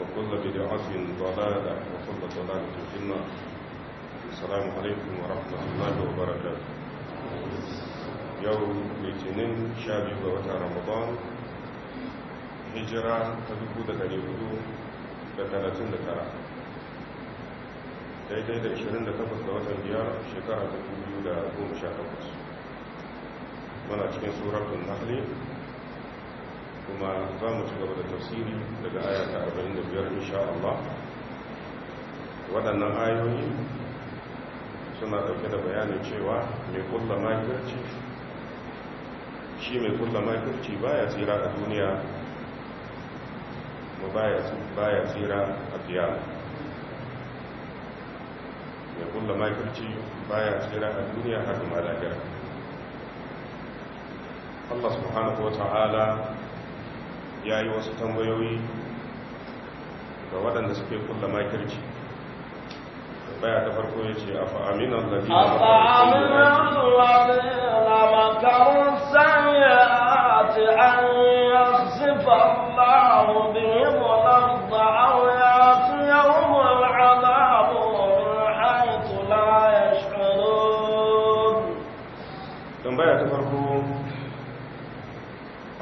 وكل بدعة ضلالة وكل ضلالة في النار السلام عليكم ورحمة الله وبركاته يوم الاثنين شابي بوتا رمضان هجرة تدبو دقا يهدو دقالتين دقارة daidai da 28 ga watan biyar shekara ta 2018 من cikin سورة النحلي kuma za mu ci gaba da tafsiri daga ayata 45 insha Allah waɗannan ayoyi suna ɗauke da bayanin cewa mai kulla makirci shi mai kulla makirci baya tsira a duniya ma baya tsira a kiyama mai kulla makirci baya tsira a duniya har ma lahira Allah subhanahu wa ta'ala ya yi wasu tambayoyi ga waɗanda suke kulla makirci baya ta farko ya ce a fa'aminan lafi a fa'aminan lafi na makarun sanya a ti an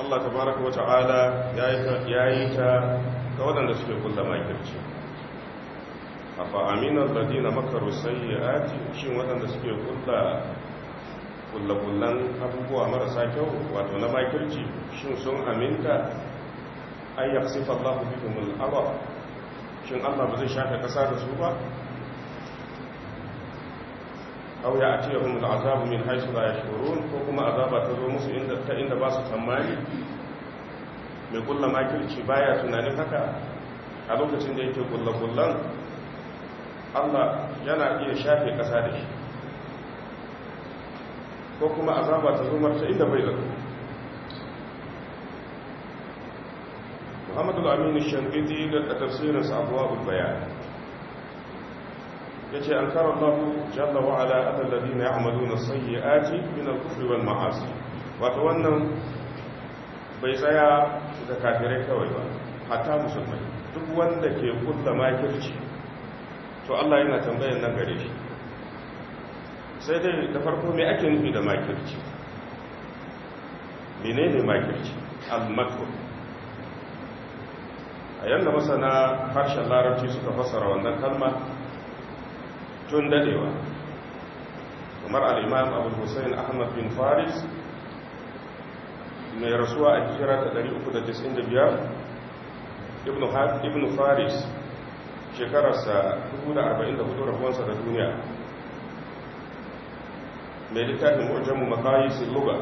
Allah tabaraka wa ta'ala ya yi ta ga waɗanda suke kulla makirci a fa'aminar ladina makaru sayyati shin waɗanda suke kulla kullan abubuwa marasa kyau wato na makirci shin sun aminta an yaksifa Allah bikin mul'aba shin Allah ba zai shafe ƙasa da su ba aw ya atiyahum al'azab min haythu la yashurun ko kuma azaba ta zo musu inda ta inda ba su tsammani mai kullu makirci baya tunanin haka a lokacin da yake kullu kullun Allah yana iya shafe kasa da shi ko kuma azaba ta zo marta inda bai zato Muhammadu Aminu Shangidi da tafsirin sa Abuwa Bayan ya ce an kara allahu jalla wa ala atallabi na ya'amalu na sayyi'ati min al-kufri wal ma'asi wannan bai tsaya da kafirai kawai ba Hata musulmai duk wanda ke kulla makirci to Allah yana tambayar nan gare shi sai dai da farko me ake nufi da makirci menene makirci al-makr a yanda masana harshen larabci suka fasara wannan kalma tun dadewa kamar al'imam abu hussein ahmad bin faris mai rasuwa a hijira ta 395 ibn faris shekararsa 44 rahuwansa da duniya mai littafin wajen makayi sun luba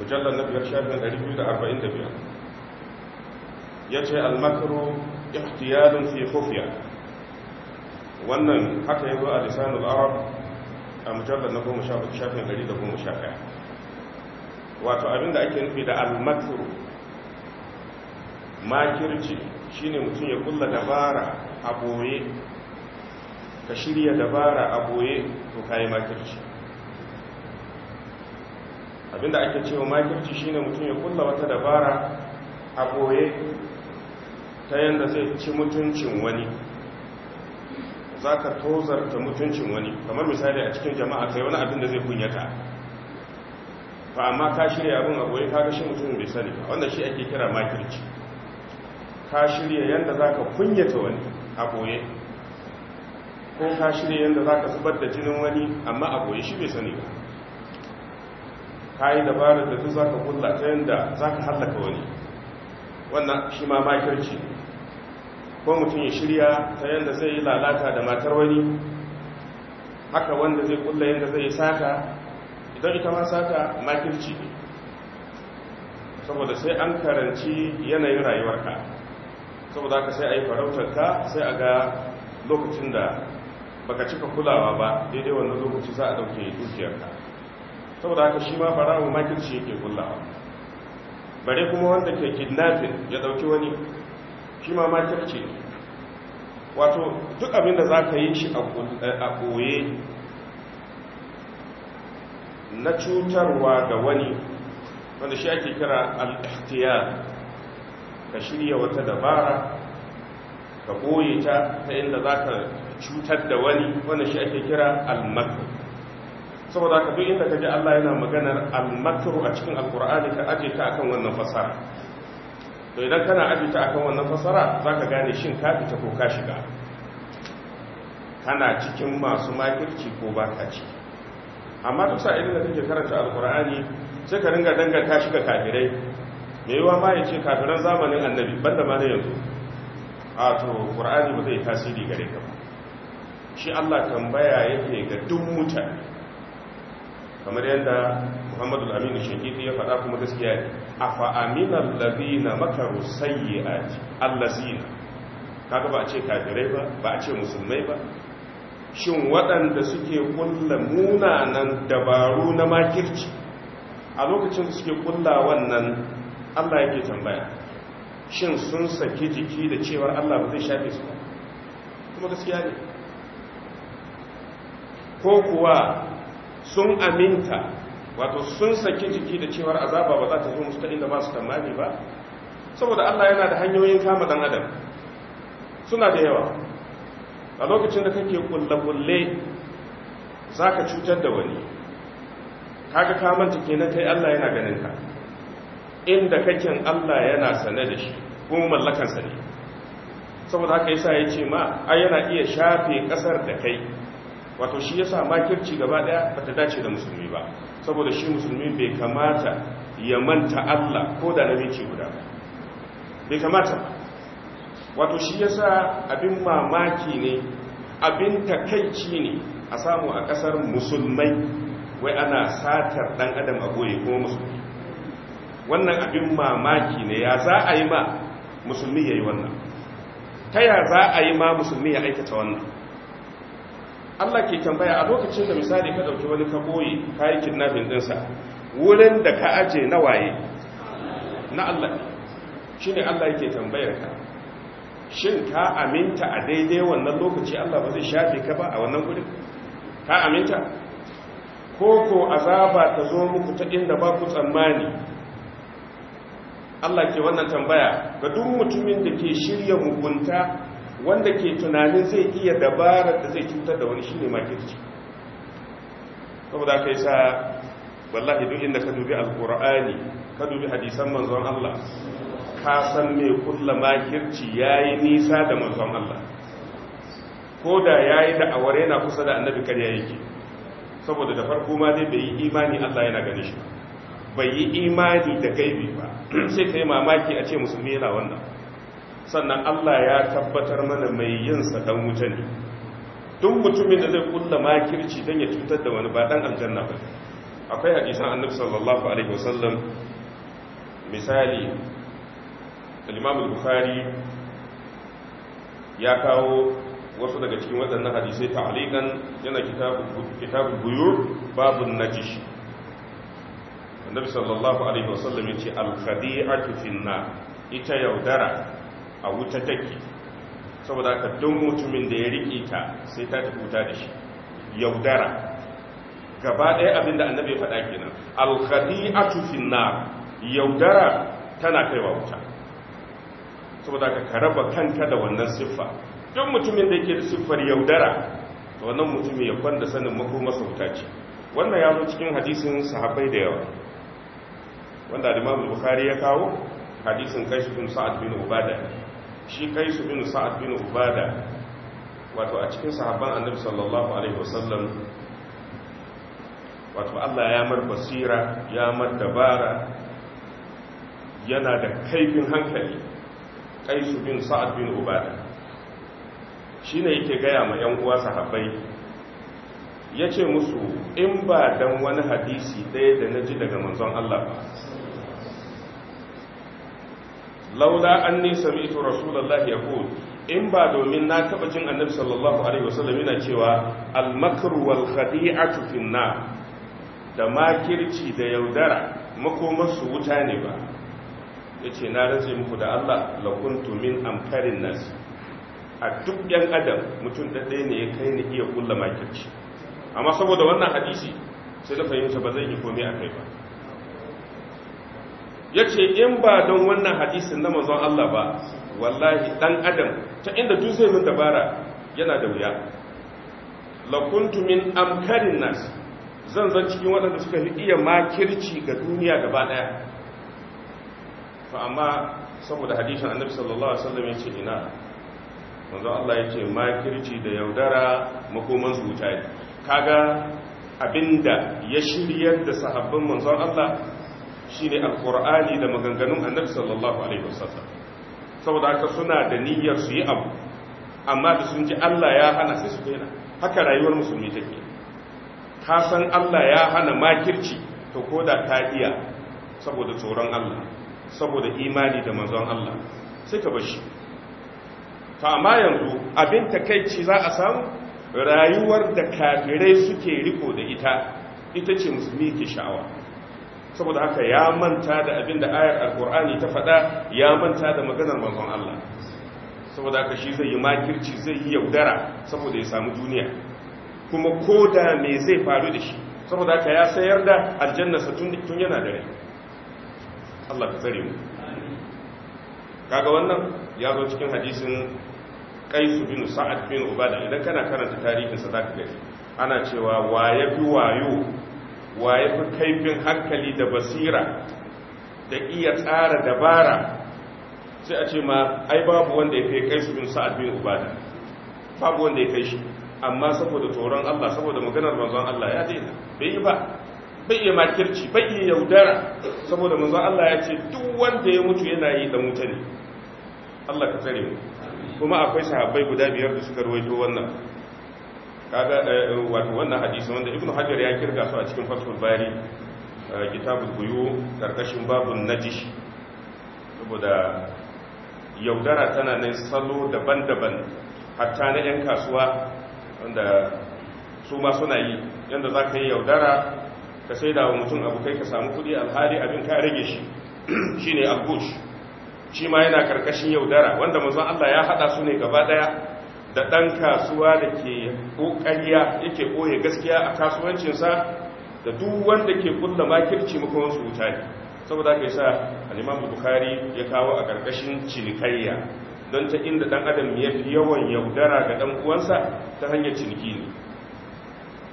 mujallar na biyar shafin 245 ya ce almakaru ihtiyarun fi kufiya wannan haka ya zo a lisanul arab a mujallar na goma sha shafin gari da goma sha ɗaya wato abinda ake nufi da almatru makirci shine mutum ya kulla dabara a boye ka shirya dabara a boye to kayi makirci abinda ake cewa makirci shine mutum ya kulla wata dabara a boye ta yadda zai ci mutuncin wani za ka tozarta mutuncin wani kamar misali a cikin jama'a kai wani abin da zai kunyata fa amma ka shirya abin a abuwa ka gashi mutumin bai sani ba wanda shi ake kira makirci ka shirya yadda za ka kunyata wani a ɓoye ko ka shirya yadda za ka zubar da jinin wani amma a ɓoye shi bai sani ba ka yi dabarar da duk za ka kulla ta yadda za ka hallaka wani wannan shi ma makirci ne ko mutum ya shirya ta yadda zai yi lalata da matar wani haka wanda zai kulla yadda zai yi sata idan ita ma sata makirci ne saboda sai an karanci yanayin rayuwarka saboda haka sai a yi farautarka sai a ga lokacin da baka cika kulawa ba daidai wannan lokaci za a dauke dukiyarka saboda haka shi ma farawo makirci yake kullawa bare kuma wanda ke kidnapping ya ɗauki wani shi ma wato duk abin da za ka yi shi eh, a ɓoye na cutarwa ga wani wanda shi ake kira al'ahtiyar ka shirya wata dabara ka ɓoye ta ta inda za ka cutar da wani wanda shi ake kira al makar saboda ka duk inda ka ji Allah yana maganar al makar a cikin alkur'ani ka aje ta akan wannan fasara to idan kana ajita akan wannan fasara za gane shin ka fita ko ka shiga kana cikin masu makirci ko ba ka ci amma duk sa'ilin da kake karanta alkur'ani sai ka ringa danganta shi ga kafirai Me yawa ma ya ce kafiran zamanin annabi banda ma zai yanzu a to Al-Qur'ani ba zai tasiri gare ka ba shi allah tambaya yake ga duk mutane kamar yadda muhammadu al-amin shaqiqi ya faɗa kuma gaskiya ne afa aminal ladina makaru sayyi'ati allazina kaga ba a ce kafirai ba ba a ce musulmai ba shin waɗanda suke kulla munanan dabaru na makirci a lokacin da suke kulla wannan Allah yake tambaya shin sun saki jiki da cewar Allah ba zai shafe su ba kuma gaskiya ne ko kuwa sun aminta wato sun saki jiki da cewar azaba ba za ta zo musu ta inda ba su tamani ba saboda Allah yana da hanyoyin kama dan adam suna da yawa a lokacin da kake kulla kulle za ka cutar da wani kaga kamanta na kai Allah yana ganin ka inda kake Allah yana sane da shi kuma mallakansa ne saboda haka yasa ya ce ma ai yana iya shafe ƙasar da kai wato shi yasa makirci gaba daya bata dace da musulmi ba saboda shi musulmi bai kamata ya manta Allah ko da nabi ce guda ba bai kamata wato shi yasa abin mamaki ne abin takaici ne a samu a kasar musulmai wai ana satar dan adam a goye ko musulmi wannan abin mamaki ne ya za a yi ma musulmi ya yi wannan ta ya za a yi ma musulmi ya aikata wannan Allah ke tambaya a lokacin da misali ka dauki wani ka boye kayi kidnapping dinsa wurin da ka aje na waye na Allah shine Allah yake tambayar ka shin ka aminta a daidai wannan lokaci Allah ba zai shafe ka ba a wannan gurin ka aminta ko ko azaba ta zo muku ta inda ba ku tsammani Allah ke wannan tambaya ga duk mutumin da ke shirya mugunta wanda ke tunanin zai iya dabarar da zai cutar da wani shine makirci saboda kai sa wallahi duk inda ka dubi alkur'ani ka dubi hadisan manzon Allah ka san me kulla makirci yayi nisa da manzon Allah ko da yayi da aware yana kusa da annabi kar yake saboda da farko ma dai bai yi imani Allah yana gane shi bai yi imani da gaibi ba sai kai mamaki a ce musulmi yana wannan sannan Allah ya tabbatar mana mai yin sa dan wuta ne duk mutumin da zai kulla makirci dan ya cutar da wani ba dan aljanna ba akwai hadisan annabi sallallahu alaihi wasallam misali al-imam bukhari ya kawo wasu daga cikin waɗannan hadisai ta'alikan yana kitabu buyur babun najish annabi sallallahu alaihi wasallam yace al-khadi'atu finna ita yaudara a wuta take saboda haka don mutumin da ya riƙe ta sai ta tafi wuta da shi yaudara gaba ɗaya abin da annabi ya faɗa kenan alkhadi'atu na. yaudara tana kaiwa wuta saboda ka raba kanka da wannan siffa don mutumin da yake da siffar yaudara to wannan mutumin ya kwanda sanin makomarsa wuta ce wannan ya zo cikin hadisin sahabbai da yawa wanda al-Imam Bukhari ya kawo hadisin Qais bin Sa'ad bin Ubada shi kai su bin sa'ad bin ubada wato a cikin sahabban annabi sallallahu alaihi wasallam wato Allah ya mar basira ya mar dabara yana da kaifin hankali kai su bin sa'ad bin ubada ne yake gaya ma yan uwa sahabbai yace musu in ba dan wani hadisi ɗaya da na ji daga manzon Allah ba laula anni rasulallah ya yaqul in ba domin na taba jin annabi sallallahu alaihi wasallam yana cewa al makru wal khadi'atu da makirci da yaudara makomar su wuta ne ba yace na rantsi muku da Allah la kuntu min amkarin nas a duk yan adam mutum da ne ya kai ni iya kulla makirci amma saboda wannan hadisi sai na fahimta ba zai yi komai akai ba ya ce in ba don wannan hadisin na mazan Allah ba wallahi ɗan adam ta inda duk min dabara yana da wuya lakuntu min amkarin nas zan zan cikin waɗanda suka fi iya makirci ga duniya gaba ɗaya fa amma saboda hadisin annabi sallallahu alaihi wasallam ya ce ina manzo Allah ya ce makirci da yaudara makoman su wuta kaga abinda ya shiryar da sahabban manzon Allah Shi ne alkur'ani da maganganun annabi sallallahu alaihi wasallam saboda haka suna da niyyar su yi abu amma da sun ji Allah ya hana sai su daina haka rayuwar musulmi take ka san Allah ya hana makirci to koda ta iya saboda tsoron Allah saboda imani da manzon Allah sai ka bashi ta amma yanzu abin takeici za a samu rayuwar da kafirai suke riko da ita ita ce musulmi ke sha'awa saboda haka ya manta da abin da ayar alkur'ani ta faɗa ya manta da maganar manzon Allah saboda haka shi zai yi makirci zai yi yaudara saboda ya samu duniya kuma ko da me zai faru da shi saboda haka ya sayar da aljannasa tun yana da rai Allah ka tsare mu kaga wannan ya zo cikin hadisin kaisu bin sa'ad bin ubada idan kana karanta tarihin sa zaka gani ana cewa wa yafi wayo waye fi kaifin hankali da basira da iya tsara dabara sai a ce ma ai babu wanda ya kai kai su bin sa'ad bin ubada babu wanda ya kai shi amma saboda tsoron Allah saboda maganar manzon Allah ya daina bai yi ba bai yi makirci bai yi yaudara saboda manzon Allah ya ce duk wanda ya mutu yana yi da mutane Allah ka tsare mu kuma akwai sahabbai guda biyar da suka ruwaito wannan kaga eh, wato wannan hadisi wanda ibnu hajar ya kirga su a cikin fathul bari eh, kitabul buyu karkashin babun najish saboda yaudara tana nan salo daban-daban hatta na 'yan kasuwa wanda su ma suna yi yadda za ka yi yaudara ka sai da mutum abu kai ka samu kudi alhali abin ka rage shi shi ne shi ma yana karkashin yaudara wanda mazan allah ya hada su ne gaba daya da ɗan kasuwa da ke ƙoƙariya yake ɓoye gaskiya a kasuwancinsa da duk wanda ke kulla makirci makamansu wuta ne saboda ka yi sa alimamu bukari ya kawo a ƙarƙashin cinikayya don ta inda ɗan adam ya fi yawan yaudara ga ɗan uwansa ta hanyar ciniki ne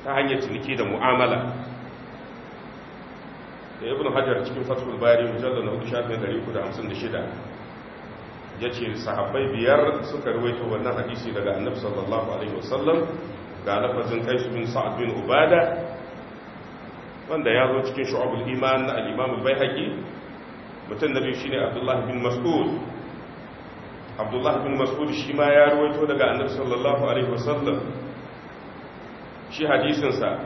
ta hanyar ciniki da mu'amala da ibn hajar cikin fatul bari mujallar na hudu shafin 356 ya ce sahabbai biyar suka ruwaito wannan hadisi daga annabi sallallahu alaihi wasallam ga lafazin kaisu bin sa'ad bin ubada wanda ya zo cikin shu'abul iman na al-imam al-baihaqi mutum na shine abdullahi bin mas'ud abdullahi bin mas'ud shi ma ya ruwaito daga annabi sallallahu alaihi wasallam shi hadisin sa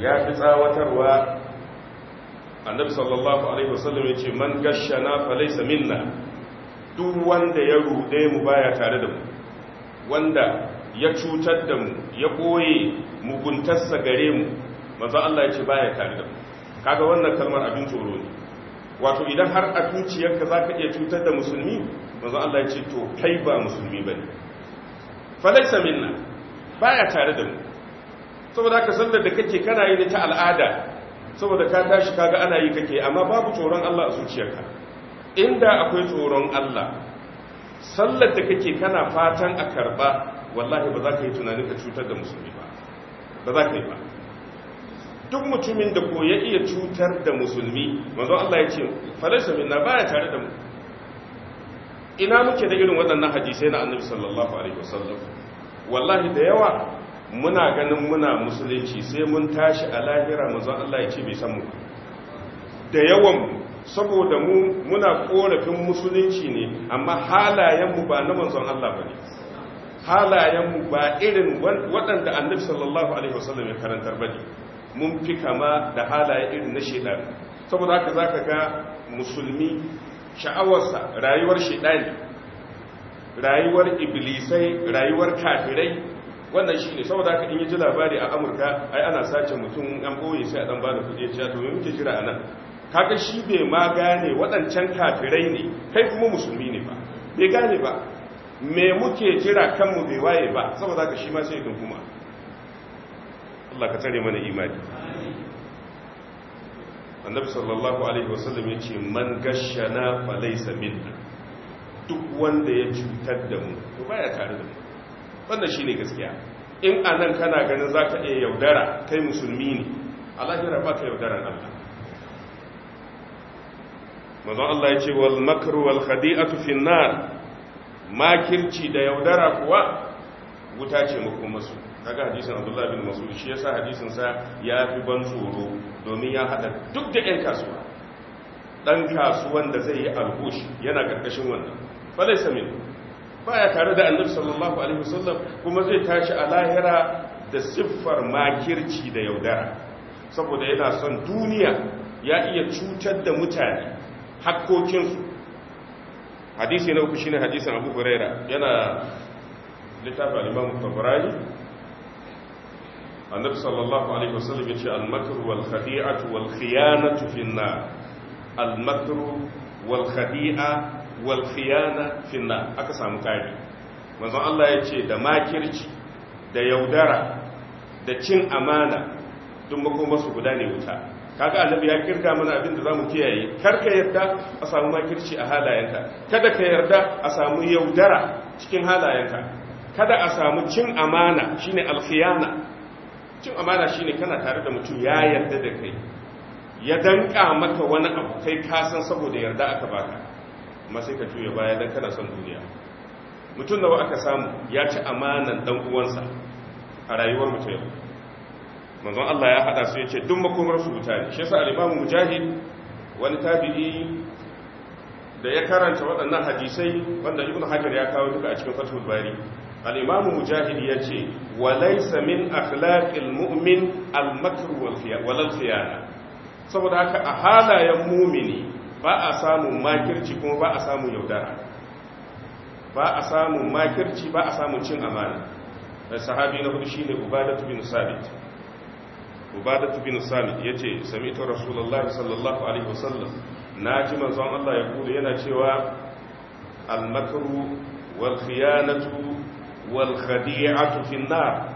ya fi tsawatarwa annabi sallallahu alaihi wasallam ya ce man gashana falaysa minna duk wanda ya rude mu baya tare da mu wanda ya cutar da mu ya koye muguntarsa gare mu manzo Allah ya ce baya tare da mu kaga wannan kalmar abin tsoro ne wato idan har a tuciyarka zaka iya cutar da musulmi manzo Allah ya ce to kai ba musulmi bane falaysa minna baya tare da mu saboda haka sallar da kake kana yi ta al'ada saboda ka tashi kaga ana yi kake amma babu tsoron Allah a zuciyarka inda akwai tsoron Allah sallar da kake kana fatan a karba wallahi ba za ka yi tunanin ka cutar da musulmi ba ba za ka yi ba duk mutumin da ko ya iya cutar da musulmi manzo Allah ya ce falasha minna baya tare da mu ina muke da irin waɗannan hadisai na annabi sallallahu alaihi wasallam wallahi da yawa muna ganin muna musulunci sai mun tashi a lahira zan Allah ya ce bai san mu da yawan saboda mu muna korafin musulunci ne amma halayenmu ba na manzon Allah ba ne halayenmu ba irin waɗanda annabi sallallahu alaihi wasallam ya karantar ba ne mun fi kama da halaye irin na shaidan saboda haka zaka ga musulmi sha'awarsa rayuwar ne. rayuwar iblisai rayuwar kafirai wannan shi ne saboda haka in yi ji labari a amurka ai ana sace mutum an ɓoye sai a ɗan ba da kuɗi ya to muke jira a nan kaga shi bai ma gane waɗancan kafirai ne kai kuma musulmi ne ba bai gane ba me muke jira kanmu bai waye ba saboda haka shi ma sai ɗin kuma Allah ka tsare mana imani annabi sallallahu alaihi wasallam ya ce man gashana fa laysa minna duk wanda ya cutar da mu to baya tare da mu wannan shi ne gaskiya in a nan kana ganin za ka iya yaudara kai musulmi ne alahira ba ka yaudara allah mazan allah ya ce wal makaru wal khadi'atu makirci da yaudara kuwa wuta ce makomasu kaga hadisin abdullahi bin masud shi yasa hadisin sa ya fi ban tsoro domin ya haɗa duk da ƴan kasuwa ɗan kasuwan da zai yi alhush yana ƙarƙashin wannan falai samin baya tare da annabi sallallahu alaihi wasallam kuma zai tashi a lahira da siffar makirci da yaudara saboda yana son duniya ya iya cutar da mutane hakkokinsu hadisi na uku shine hadisin abu huraira yana littafin al-imam tabarani annabi sallallahu alaihi wasallam yace al-makru wal khadi'atu wal khiyanatu fi an-nar al-makru wal khadi'a wal finna aka samu kari manzon Allah ya ce da makirci da yaudara da cin amana duk makoma su guda ne wuta kaga annabi ya kirga mana abin da zamu kiyaye kar ka yarda a samu makirci a halayenka kada ka yarda a samu yaudara cikin halayenka kada a samu cin amana shine alkhiyana cin amana shine kana tare da mutum ya yarda da kai ya danka maka wani abu kai kasan saboda yarda aka baka amma sai ka juya baya dan kana son duniya mutum nawa aka samu ya ci amanan dan uwansa a rayuwar mutum yau manzon Allah ya hada su ya ce duk makomar su mutane shi yasa al-Imam Mujahid wani tabi'i da ya karanta waɗannan hadisai wanda Ibn Hajar ya kawo duka a cikin Fathul Bari al-Imam Mujahid yace wa laysa min akhlaqil mu'min al-makr wal khiyana saboda haka a halayen mumini ba a samun makirci kuma ba a samun yaudara ba a samun makirci ba a samun cin amana sahabi na hudu shine ubadatu bin sabit ubadatu bin sabit yace sami'tu rasulullahi sallallahu alaihi wasallam naji manzon Allah ya kula yana cewa al-makru wal khiyanatu wal khadi'atu fin nar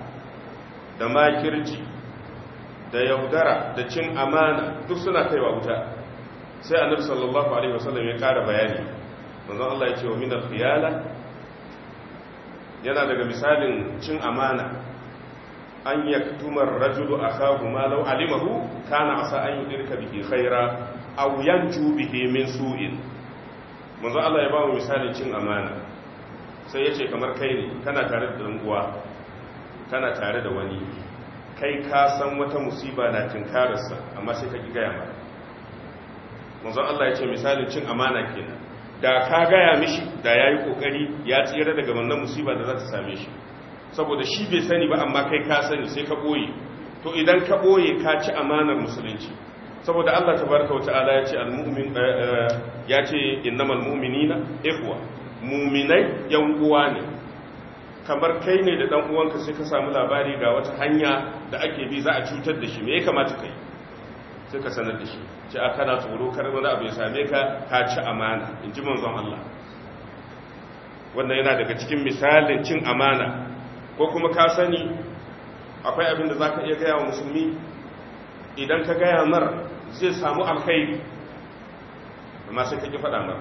da makirci da yaudara da cin amana duk suna kaiwa wuta sai annabi sallallahu alaihi wasallam ya kara bayani manzon Allah yake wa min al-khiyala yana daga misalin cin amana an ar rajulu akahu ma law alimahu kana asa an yudirka bihi khaira aw yanju bihi min su'in manzon Allah ya ba mu misalin cin amana sai yace kamar kai ne kana tare da danguwa kana tare da wani kai ka san wata musiba na tinkararsa amma sai ka ki gaya mata manzo Allah ya ce misalin cin amana kenan da ka gaya mishi da yayi kokari ya tsira daga wannan musiba da za ta same shi saboda shi bai sani ba amma kai ka sani sai ka boye to idan ka boye ka ci amanar musulunci saboda Allah tabaraka wa ta'ala ya ce al eh, eh, ya ce innamal mu'minina ikhwa mu'minai yan uwa ne kamar kai ne da dan uwanka sai ka samu labari ga wata hanya da ake bi za a cutar da shi me ya kamata kai suka sanar da shi ce a kana tsoro kar wani abu ya same ka ka ci amana in ji manzon Allah wannan yana daga cikin misalin cin amana ko kuma ka sani akwai abin da za ka iya gaya wa musulmi idan ka gaya mar zai samu alkhairi amma sai ka ki faɗa mar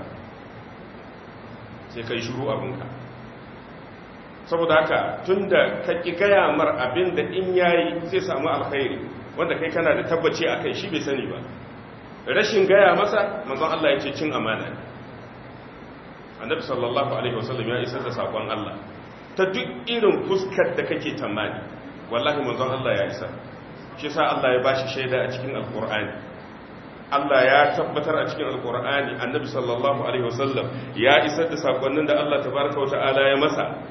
sai ka yi shuru abinka saboda haka tun da ka ƙi gaya mar abin da in yayi zai samu alkhairi wanda kai kana da tabbaci a kai shi bai sani ba rashin gaya masa manzon Allah ya ce cin amana ne annabi sallallahu alaihi wasallam ya isar da sakon Allah ta duk irin fuskar da kake tamani wallahi manzon Allah ya isa shi sa Allah ya bashi shaida a cikin alqur'ani Allah ya tabbatar a cikin alqur'ani annabi sallallahu alaihi wasallam ya isa da sakonnin da Allah tabaraka wa ta'ala ya masa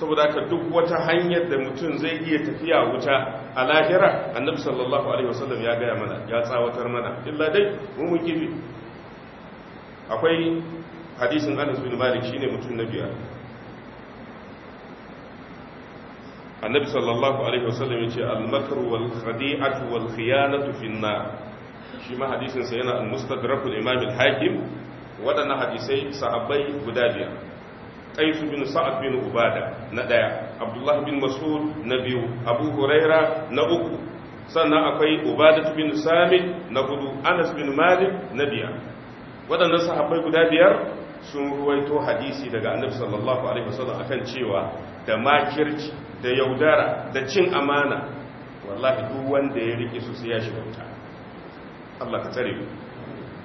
saboda ka duk wata hanyar da mutum zai iya tafiya wuta a lahira annabi sallallahu alaihi wasallam ya gaya mana ya tsawatar mana illa dai mu mu kifi akwai hadisin Anas bin Malik shine mutum na biyar annabi sallallahu alaihi wasallam yace al-makru wal khadi'atu wal khiyanatu fi an-nar shi ma hadisin sa yana al-mustadrak al-imam al-hakim wadannan hadisai sahabbai guda biyar qais bin sa'ad bin ubada na daya abdullah bin mas'ud na biyu abu huraira na uku sannan akwai ubada bin samit na hudu anas bin malik na biyar waɗannan sahabbai guda biyar sun ruwaito hadisi daga annabi sallallahu alaihi wasallam akan cewa da makirci da yaudara da cin amana wallahi duk wanda ya rike su sai ya shiga Allah ka tare mu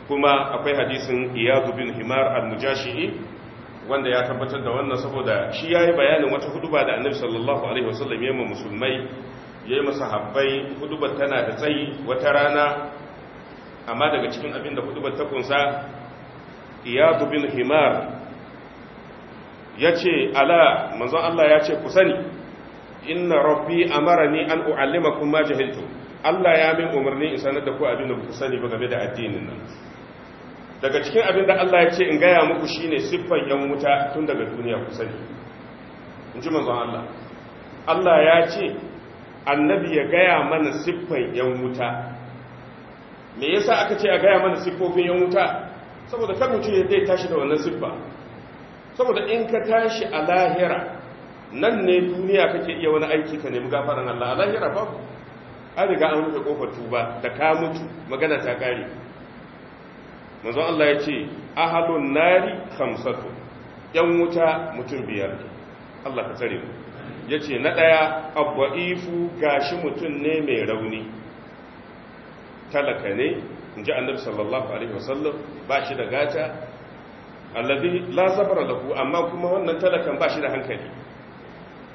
kuma akwai hadisin Iyazu bin himar al-mujashi'i wanda ya tabbatar da wannan saboda shi ya yi bayanin wata huduba da annabi sallallahu alaihi wasallam ya yi musulmai ya yi habbai hudubar tana da tsayi wata rana amma daga cikin abin da hudubar ta kunsa iyadu bin himar ya ce ala manzon Allah ya ce ku sani inna rabbi amarani an u'allimakum ma jahiltu Allah ya min umarni in sanar da ku abin da ku sani ba game da addinin nan daga cikin abin da Allah ya ce in gaya muku shi ne siffan yan wuta tun daga duniya ku sani in ji manzon Allah Allah ya ce annabi ya gaya mana siffan yan wuta me yasa aka ce a gaya mana siffofin yan wuta saboda kar mutum ya dai tashi da wannan siffa saboda in ka tashi a lahira nan ne duniya kake iya wani aiki ka nemi gafaran Allah a lahira ba an riga an rufe kofar tuba da ka mutu magana ta kare manzo Allah ya ce ahalun nari khamsatu yan wuta mutum biyar Allah ka tsare mu yace na daya abwaifu gashi mutum ne mai rauni talaka ne inji annabi sallallahu alaihi wasallam ba shi da gata alladhi la sabara lahu amma kuma wannan talakan ba shi da hankali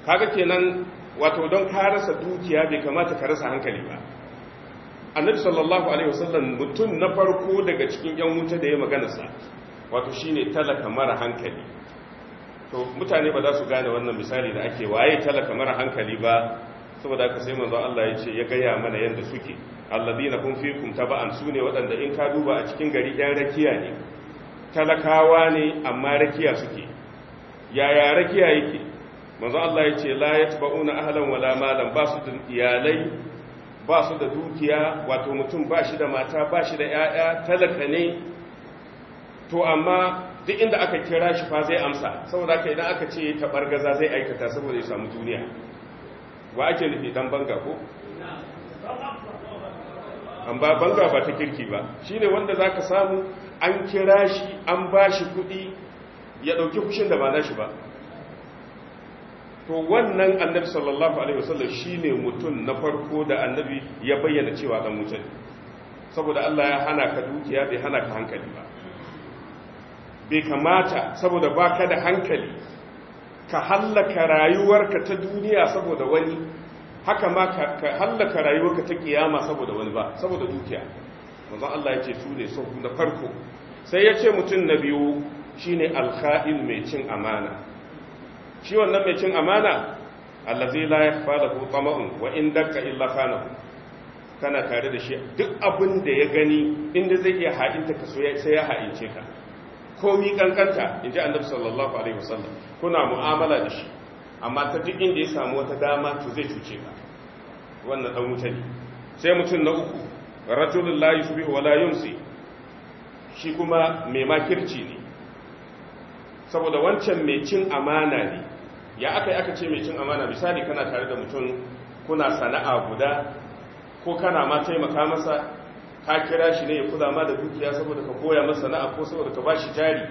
kaga kenan wato don ka rasa dukiya bai kamata ka rasa hankali ba annabi sallallahu alaihi wasallam mutum na farko daga cikin yan wuta da ya magana sa wato shine talaka mara hankali to mutane ba za su gane wannan misali da ake waye talaka mara hankali ba saboda haka sai manzo Allah ya ce ya gaya mana yanda suke alladina kun kum taba'an sune waɗanda in ka duba a cikin gari yan rakiya ne talakawa ne amma rakiya suke yaya rakiya yake manzo Allah ya ce la yatba'una ahlan wala malan ba su din iyalai ba su da dukiya wato mutum ba shi da mata ba shi da 'ya'ya talaka ne to amma duk inda aka kira shi fa zai amsa saboda haka idan aka ce gaza zai aikata saboda ya samu duniya wa ake nufi dan banga ko ba banga ba ta kirki ba shine wanda zaka samu an kira shi an ba shi kuɗi ya ɗauki kushin da ba na shi ba to wannan annabi sallallahu alaihi wasallam shine mutum na farko da annabi ya bayyana cewa dan wuce saboda Allah ya hana ka dukiya bai hana ka hankali ba bai kamata saboda baka da hankali ka hallaka rayuwarka ta duniya saboda wani haka ma ka hallaka rayuwarka ta kiyama saboda wani ba saboda dukiya manzo Allah ya ce su ne sahu na farko sai ya ce mutum na biyu shine alkha'in mai cin amana shi wannan mai cin amana allazi la yakhfa lahu tama'un wa in dakka illa khanahu kana tare da shi duk abin da ya gani inda zai iya hadinta ka sai ya haɗince ka komi kankanta inji ji annabi sallallahu alaihi wasallam kuna mu'amala da shi amma ta duk inda ya samu wata dama to zai cuce ka wannan dan wuta ne sai mutum na uku rajulun yusbihu wala yumsi shi kuma mai makirci ne saboda wancan mai cin amana ne ya aka yi aka ce mai cin amana misali kana tare da mutum kuna sana'a guda ko kana ma taimaka masa ka kira shi ne ya kula ma da dukiya saboda ka koya masa sana'a ko saboda ka ba shi jari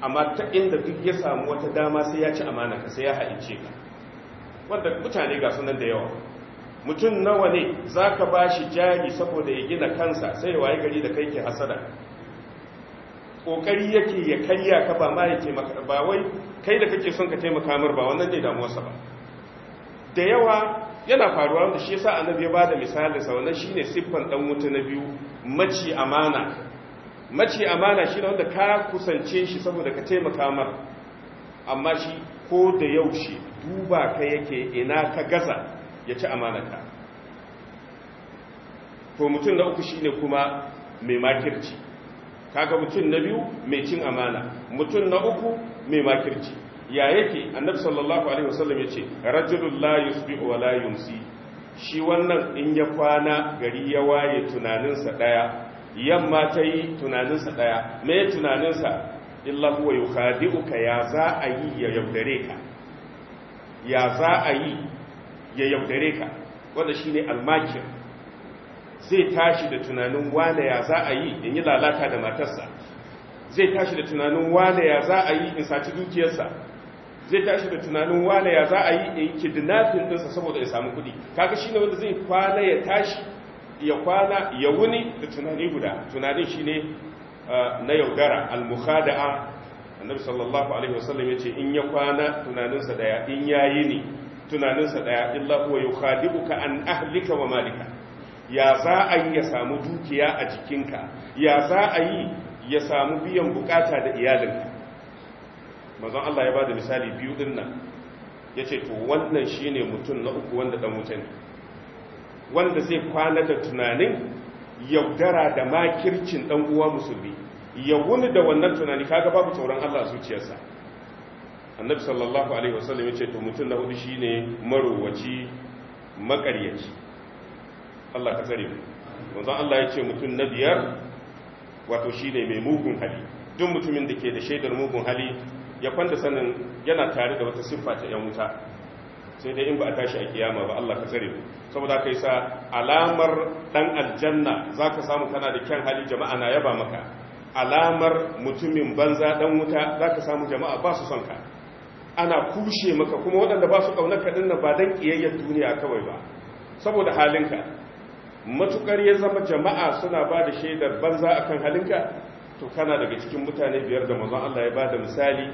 amma ta inda duk ya samu wata dama sai ya ci amana ka sai ya haince ka wanda mutane ga sunan da yawa mutum nawa ne za ka ba shi jari saboda ya gina kansa sai waye gari da kai ke hasada kokari yake ya karya ka ba ma ce maka ba wai kai da kake son ka taimaka mar ba wannan dai damuwar sa ba da yawa yana faruwa wanda shi yasa annabi ya bada misali sa wannan shine siffan dan wuta na biyu maci amana maci amana shi ne wanda ka kusance shi saboda ka taimaka mar amma shi ko da yaushe duba ka yake ina ka gaza ya ci amanarka to mutum na uku shine kuma mai makirci kaga mutum na biyu mai cin amana mutum na uku mai makirci ya yake annabi sallallahu alaihi wasallam yace rajulun la yusbi wa la yumsi shi wannan in ya kwana gari ya waye tunaninsa daya yamma ta yi tunaninsa daya me tunaninsa illa huwa yukhadi'uka ya za a yi ya yaudare ka ya za a yi ya yaudare ka wanda shine almakir zai tashi da tunanin wane ya za a yi in yi lalata da matarsa zai tashi da tunanin wane ya za a yi in saci dukiyarsa zai tashi da tunanin wane ya za a yi in kidnapping dinsa saboda ya samu kuɗi kaga shine wanda zai kwana ya tashi ya kwana ya wuni da tunani guda tunanin shine ah, na yaudara al-mukhada'a annabi sallallahu alaihi wasallam yace in ya kwana tunaninsa daya in yayi ne tunaninsa daya illa huwa yukhadibuka an ahlika wa malika ya za a yi ya samu dukiya a jikinka ya za a yi ya samu biyan bukata da iyalinka mazan Allah ya ba da misali biyu din nan ya ce to wannan shi ne mutum na uku wanda ɗan wuce ne wanda zai kwana da tunanin yaudara da makircin ɗan uwa musulmi ya wuni da wannan tunani kaga babu tsoron Allah zuciyarsa annabi sallallahu alaihi wasallam ya ce to mutum na hudu shine marowaci makaryaci Allah ka tsare mu manzon Allah ya ce mutum na biyar wato shi ne mai mugun hali duk mutumin da ke da shaidar mugun hali ya kwanta sanin yana tare da wata siffa ta yan wuta sai dai in ba a tashi a kiyama ba Allah ka tsare mu saboda kai sa alamar dan aljanna za ka samu kana da kyan hali jama'a na yaba maka alamar mutumin banza dan wuta za ka samu jama'a ba su son ka ana kushe maka kuma waɗanda ba su ƙaunar ka na ba dan ƙiyayyar duniya kawai ba saboda halinka matukar ya zama jama'a suna ba da shaidar banza akan halinka to kana daga cikin mutane biyar da mazan Allah ya ba da misali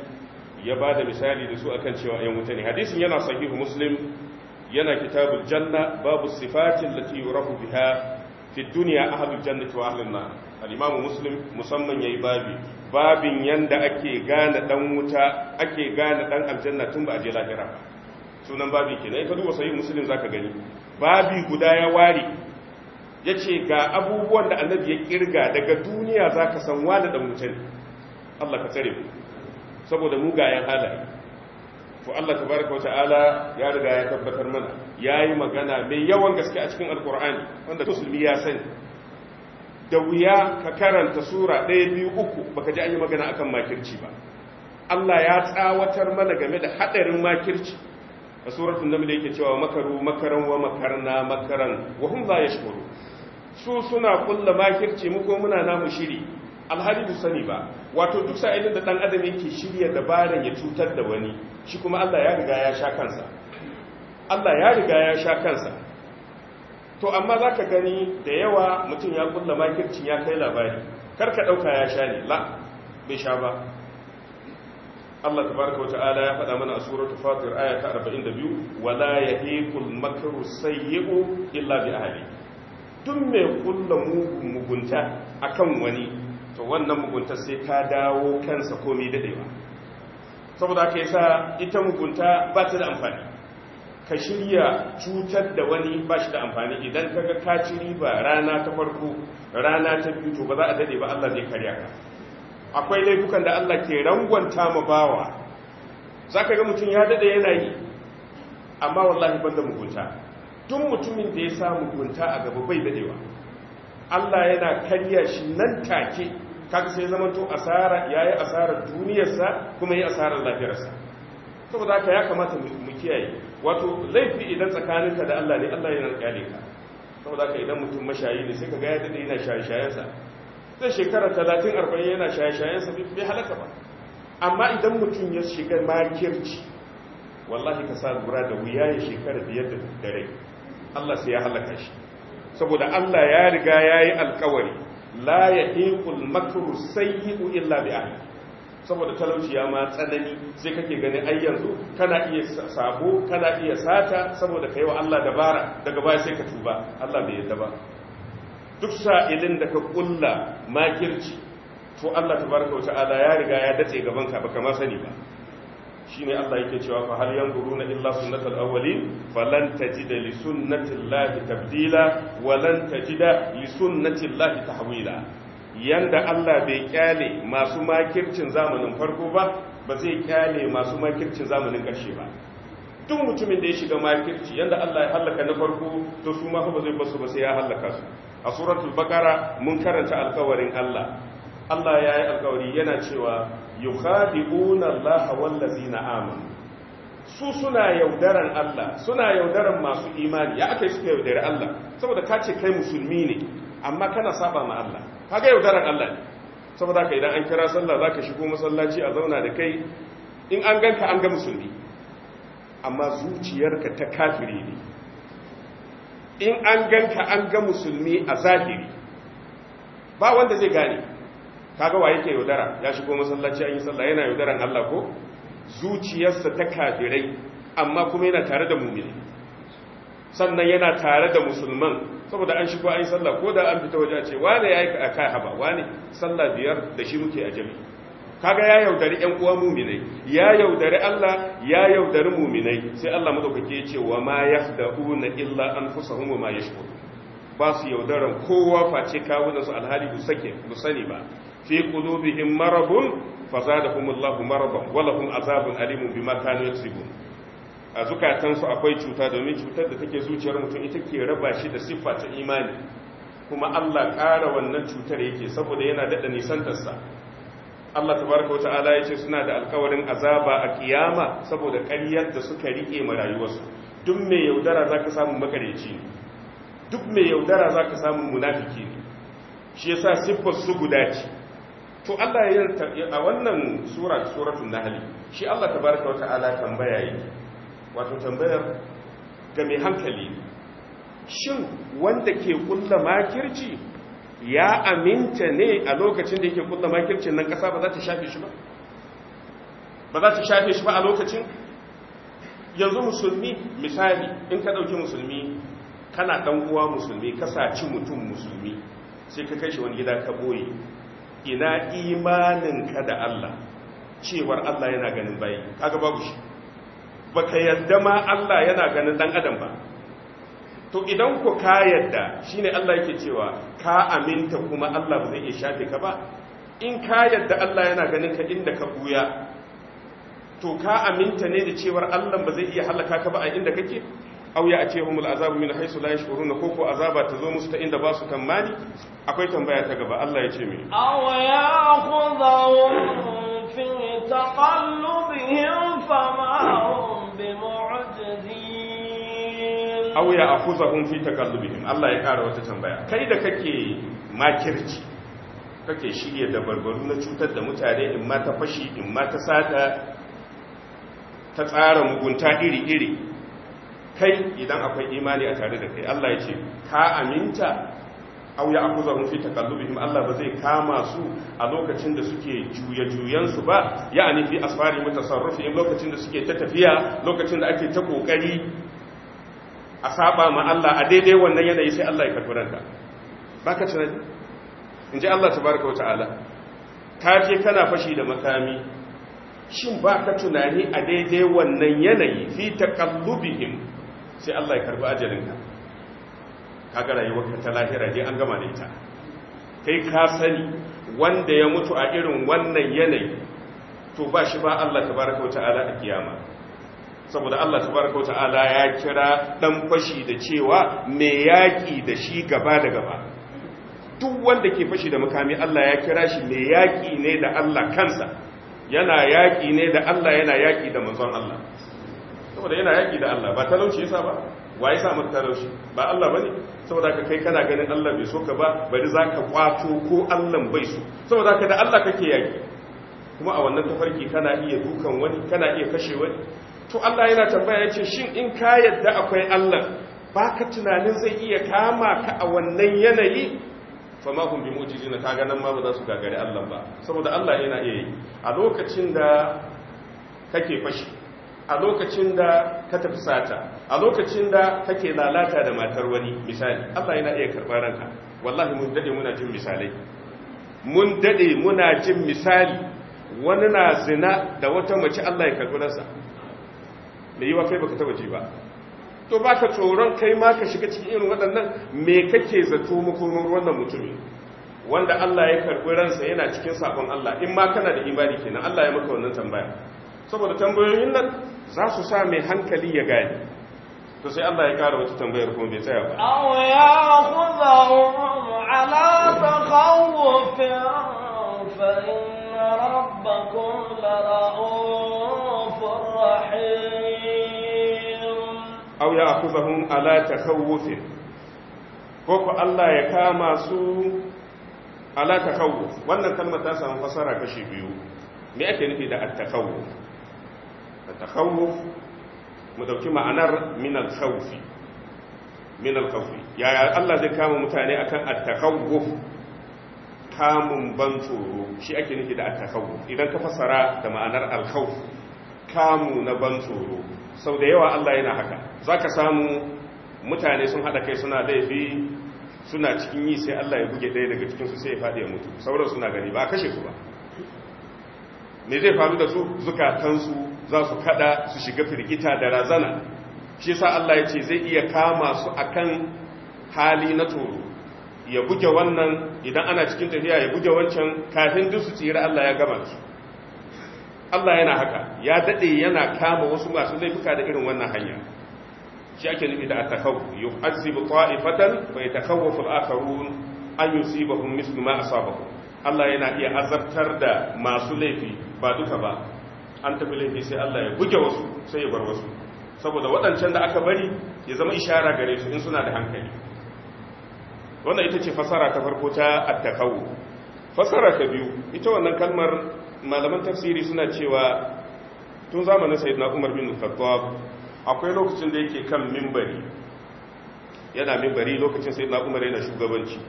ya ba da misali da su akan cewa ‘yan wuta ne hadisin yana sahihu muslim yana kitabu janna babu sifatin lati Rahu biya fi duniya a jannati janna ta wahalin na al'imamu muslim musamman yi babi babin yanda ake gane dan wuta ake gane dan aljanna tun ba a je lahira sunan babin kenan ka duba sahih muslim zaka gani babi guda ya ware ya ce ga abubuwan da annabi ya kirga daga duniya za ka san wani da mutane Allah ka tsare ku. saboda mugayen halaye to Allah tabaraka ala ya riga ya tabbatar mana Ya yi magana mai yawan gaske a cikin alkur'ani wanda musulmi ya sani da wuya ka karanta sura ɗaya biyu uku baka ji an yi magana akan makirci ba Allah ya tsawatar mana game da haɗarin makirci a suratul da yake cewa makaru makaran wa makarna makaran wa hum la yashkuru su suna kulla makirci mu ko muna namu shiri alhali bu sani ba wato duk sa'ilin da dan adam yake shirya dabaran ya cutar da wani shi kuma Allah ya riga ya sha kansa Allah ya riga ya sha kansa to amma zaka gani da yawa mutum ya kulla makircin ya kai labari karka ɗauka ya sha ne la bai sha ba Allah tabaraka wata'ala ya faɗa mana a suratul fatir aya ta 42 wala yahiqul makru sayyi'u illa bi ahli Tun mai kulla mugunta akan wani to wannan mugunta sai ta dawo kansa komai dadewa saboda yi sa ita mugunta ba ta da amfani ka shirya cutar da wani ba shi da amfani idan kaga ka ciri ba rana ta farko rana ta biyu to ba za a dade ba Allah zai karya ka akwai laifukan da Allah ke rangwanta ma bawa za ka ga mutum ya dade yana yi amma wallahi ban da mugunta tun mutumin da ya samu mugunta a gaba bai dadewa Allah yana karya shi nan take kaga sai zama to asara yayi asarar duniyarsa kuma yayi asarar lafiyarsa saboda haka ya kamata mu kiyaye wato laifi idan tsakaninka da Allah ne Allah yana kyale ka saboda haka idan mutum mashayi ne sai ka ga ya dade yana shaye-shayensa zai shekara talatin arba'in yana shaye-shayensa bai halaka ba amma idan mutum ya shiga makirci wallahi ka sa lura da wuya ya shekara biyar da dare Allah sai ya halaka shi saboda Allah ya riga ya yi alkawari la ya hekul makaru sayyi'u illa bi ahli saboda talauci ya ma tsanani sai kake ganin ai yanzu kana iya sabo kana iya sata saboda kai wa Allah dabara daga baya sai ka tuba Allah bai yadda ba duk sa'ilin da ka kulla makirci to Allah tabaraka wa ta'ala ya riga ya dace gaban ka baka ma sani ba shine Allah yake cewa fa hal yanzuruna illa sunnatal awwalin falan tajida li sunnatillahi tabdila wa tajida li sunnatillahi tahwila yanda Allah bai kyale masu makircin zamanin farko ba ba zai kyale masu makircin zamanin ƙarshe ba duk mutumin da ya shiga makirci yanda Allah ya halaka na farko to su ma fa ba zai basu ba sai ya halaka su a suratul bakara mun karanta alkawarin Allah Allah ya yi alkawari yana cewa yukhadi'una Allah wallazina amanu su suna yaudaran Allah suna yaudaran masu imani ya aka suka yaudari Allah saboda ka ce kai musulmi ne amma kana saba ma Allah kaga yaudaran Allah ne saboda ka idan an kira sallah zaka shigo masallaci a zauna da kai in an ganka an ga musulmi amma zuciyarka ta kafiri ne in an ganka an ga musulmi a zahiri ba wanda zai gane kaga wa yake yaudara ya shigo masallaci an yi sallah yana yaudaran Allah ko zuciyarsa ta kafirai amma kuma yana tare da mumini sannan yana tare da musulman saboda an shigo an yi sallah ko da an fita waje a ce wane ya yi a haba wane sallah biyar da shi muke a jami'a. kaga ya yaudari yan uwa muminai ya yaudari Allah ya yaudari muminai sai Allah madaukake ya ce wa ma yahda'una illa anfusahum wa ma yashkur ba su yaudaran kowa face da su alhali bu sake bu sani ba fi qulubihim maradun fazadahumullahu marabun wa lahum azabun alimun bima kanu yaksubun a zukatansu akwai cuta domin cutar da take zuciyar mutum ita ke raba shi da siffa ta imani kuma Allah ƙara wannan cutar yake saboda yana nisan nisantarsa Allah tabaraka wata'ala ya ce suna da alkawarin azaba a kiyama saboda ƙaryar da suka rike ma rayuwarsu duk mai yaudara zaka samu makareci duk mai yaudara zaka samu munafiki ne shi yasa siffar su guda ce to Allah ya a wannan sura suratul nahl shi Allah tabaraka wata'ala tambaya yi wato tambayar ga mai hankali shin wanda ke kulla makirci ya aminta ne a lokacin da yake kulla makircin nan ƙasa ba za ta shafe shi ba ba za ta shafe shi ba a lokacin yanzu musulmi misali in ka ɗauki musulmi kana ɗan uwa musulmi ka saci mutum musulmi sai ka kai shi wani gida ka boye ina imanin ka da Allah cewar Allah yana ganin bayi kaga babu shi baka yarda ma Allah yana ganin ɗan adam ba to idan ku ka yadda shine Allah yake cewa ka aminta kuma Allah ba zai iya shafe ka ba in ka yadda Allah yana ganin ka inda ka buya to ka aminta ne da cewa Allah ba zai iya halaka ka ba a inda kake aw ya atihumul azabu min haythu la yashuruna ko ko azaba ta zo musu ta inda ba su tambani? akwai tambaya ta gaba Allah ya ce me aw ya khudhum fi taqallubihim fama hum Auya kusa hunfi fi Allah ya kara wata tambaya kai da kake makirci kake shirya da barbaru na cutar da mutane in ma ta fashi in ma ta sata ta tsara mugunta iri-iri kai idan akwai imani a tare da kai Allah ya ce ka aminta a kusa hunfi fi Allah ba zai kama su a lokacin da suke juya juyan su ba ya'ani fi asfari mutasarrifin lokacin da suke ta tafiya lokacin da ake ta kokari a saba ma Allah a daidai wannan yanayi sai Allah ya karbi ranka ka tunani in ji Allah baraka wa ta'ala ka ce kana fashi da makami shin ka tunani a daidai wannan yanayi fi kallubihim sai Allah ya karɓi ajalinka kaga rayuwarka ta lahira je an gama da ita kai ka sani wanda ya mutu a irin wannan yanayi to ba shi ba Allah baraka wa ta'ala a kiyama saboda Allah tabaraka ta'ala ya kira dan fashi da cewa me yaki da shi gaba da gaba duk wanda ke fashi da makami Allah ya kira shi me yaki ne da Allah kansa yana yaki ne da Allah yana yaki da manzon Allah saboda yana yaki da Allah ba talauci yasa ba waye sa maka talauci ba Allah bane saboda ka kai kana ganin Allah bai so ka ba bari zaka kwato ko Allah bai so saboda ka da Allah kake yaki kuma a wannan tafarki kana iya dukan wani kana iya kashe wani to Allah yana tambaya yace shin in ka yadda akwai Allah baka tunanin zai iya kama ka a wannan yanayi ma hum bi mu'jizina ka nan ma ba za su gagari Allah ba saboda Allah yana iya yi a lokacin da kake fashi a lokacin da ka tafi sata a lokacin da kake lalata da matar wani misali Allah yana iya karɓar ranka wallahi mun dade muna jin misalai mun dade muna jin misali wani na zina da wata mace Allah ya karɓi nasa. mai yiwa kai baka taba ji ba to baka tsoron kai ma ka shiga cikin irin waɗannan me kake zato makomar wannan mutumin wanda Allah ya karɓi ransa yana cikin sabon Allah in ma kana da imani kenan Allah ya maka wannan tambaya saboda tambayoyin nan za su sa mai hankali ya gane to sai Allah ya kara wata tambayar kuma bai tsaya ba aw ya khudhum ala takhawfin fa inna rabbakum la aw ya akhuzahum ala takhawuf ko ko Allah ya kama su ala takhawuf wannan kalma ta samu fasara kashi biyu me ake nufi da at-takhawuf at-takhawuf mu dauki ma'anar min al-khawfi min al-khawfi yaya Allah zai kama mutane akan at-takhawuf kamun ban tsoro shi ake nufi da at-takhawuf idan ka fasara da ma'anar al-khawf kamu na ban tsoro sau da yawa Allah yana haka za ka samu mutane sun haɗa kai suna laifi suna cikin yi sai Allah ya buge ɗaya daga cikinsu sai ya faɗi ya mutu sauran suna gani ba a kashe su ba me zai faru da su zukatansu za su kada su shiga firgita da razana shi sa Allah ya ce zai iya kama su akan hali na tsoro ya buge wannan idan ana cikin tafiya ya buge wancan kafin duk su tsira Allah ya gama su Allah yana haka ya daɗe yana kama wasu masu laifuka da irin wannan hanya shi ake nufi da atakau yu'azzibu ta'ifatan wa yatakawwafu al-akharun an yusibahum mithlu ma asabahum Allah yana iya azabtar da masu laifi ba duka ba an tafi laifi sai Allah ya buge wasu sai ya bar wasu saboda waɗancan da aka bari ya zama ishara gare su in suna da hankali wannan ita ce fasara ta farko ta attakawu fasara ta biyu ita wannan kalmar malaman tafsiri suna cewa tun zamanin sayyidina Umar bin Khattab akwai lokacin da yake kan mimbari yana mimbari lokacin sai na umar yana shugabanci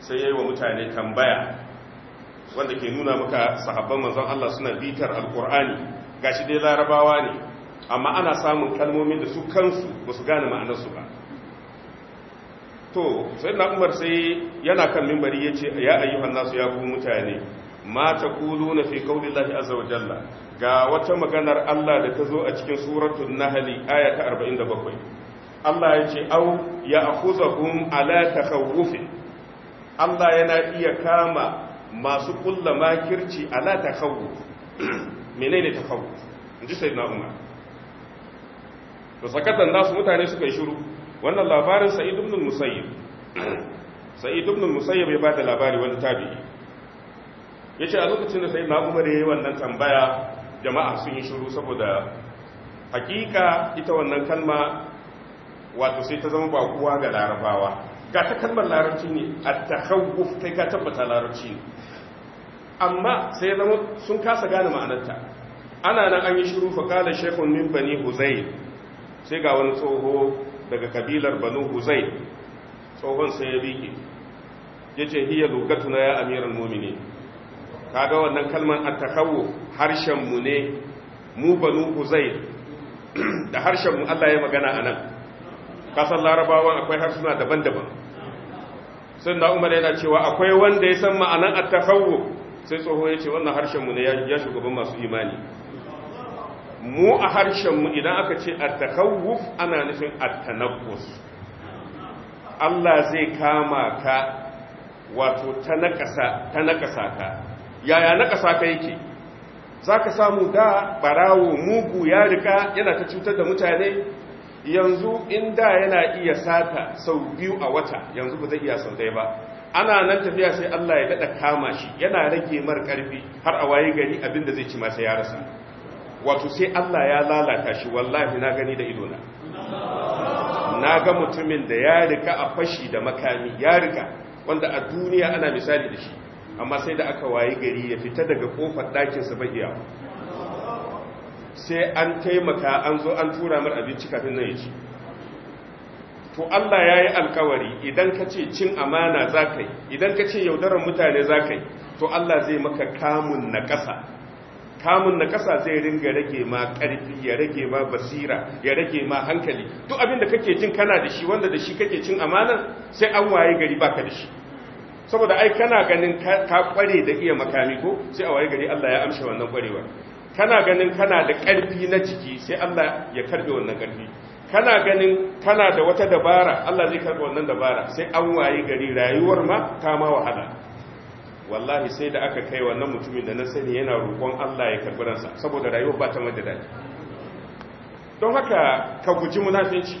sai yayi wa mutane tambaya wanda ke nuna maka sahabban manzon Allah suna bitar alkur'ani gashi dai larabawa ne amma ana samun kalmomin da su kansu ba su gane ma'anarsu ba to sai na umar sai yana kan mimbari yace ya ayyuhan nasu ya ku mutane ma na fi qaulillahi azza wa jalla ga wata maganar Allah da ta zo a cikin suratul nahli aya ta 47 Allah ya ce au ya'khuzahum ala takhawufin Allah yana iya kama masu kulla makirci ala takhawuf menene takhawuf inji sayyidina Umar to sakatan nasu mutane suka yi shiru wannan labarin Sa'id ibn al-Musayyib Sa'id ibn al-Musayyib ya bada labari wani tabi'i ya ce a lokacin da sai na da ya yi wannan tambaya jama'a sun yi shuru saboda hakika ita wannan kalma wato sai ta zama bakuwa ga larabawa ga ta kalmar larabci ne a takawuf kai ka tabbata larabci ne amma sai zama sun kasa gane ma'anarta ana nan an yi shiru fa da shekun min bani huzai sai ga wani tsoho daga kabilar banu huzai tsohon sai ya biki ya ce lokacin na ya amiran mumini Ka ga wannan kalmar a takawo harshenmu ne mu banu uzair da harshenmu Allah ya magana anan kasan larabawan akwai harsuna daban-daban sun da umar yana cewa akwai wanda ya san ma'anan a takawo sai tsoho ya ce wannan harshenmu ne ya shugaban masu imani mu a harshen idan aka ce a takawo ana nufin a tanaqqus Allah zai kama ka wato ta nakasa ka yaya na ƙasa ka yake za ka samu da barawo mugu ya rika yana ta cutar da mutane yanzu inda yana iya sata sau biyu a wata yanzu ba zai iya sau dai ba ana nan tafiya sai Allah ya daɗa kama shi yana rage mar ƙarfi har a waye gari abinda zai ci masa ya rasa wato sai Allah ya lalata shi wallahi na gani da idona na ga mutumin da ya rika a fashi da makami ya rika wanda a duniya ana misali da shi amma sai da aka wayi gari ya fita daga kofar ɗakinsa ba iya sai an taimaka an zo an tura mar abinci kafin nan ya ci to Allah ya yi alkawari idan ka ce cin amana za ka yi idan ka ce yaudarar mutane za ka yi to Allah zai maka kamun na ƙasa kamun na ƙasa zai ringa rage ma ƙarfi ya rage ma basira ya rage ma hankali duk abin da kake jin kana da shi wanda da shi kake cin amana sai an waye gari baka da shi saboda ai kana ganin ka kware da iya makami ko sai a waye gari Allah ya amshe wannan kwarewa kana ganin kana da ƙarfi na jiki sai Allah ya karbe wannan ƙarfi kana ganin kana da wata dabara Allah zai karbe wannan dabara sai an waye gari rayuwar ma ta ma wahala wallahi sai da aka kai wannan mutumin da na sani yana roƙon Allah ya karbi ransa saboda rayuwar ba ta mai daɗi don haka ka guji munafici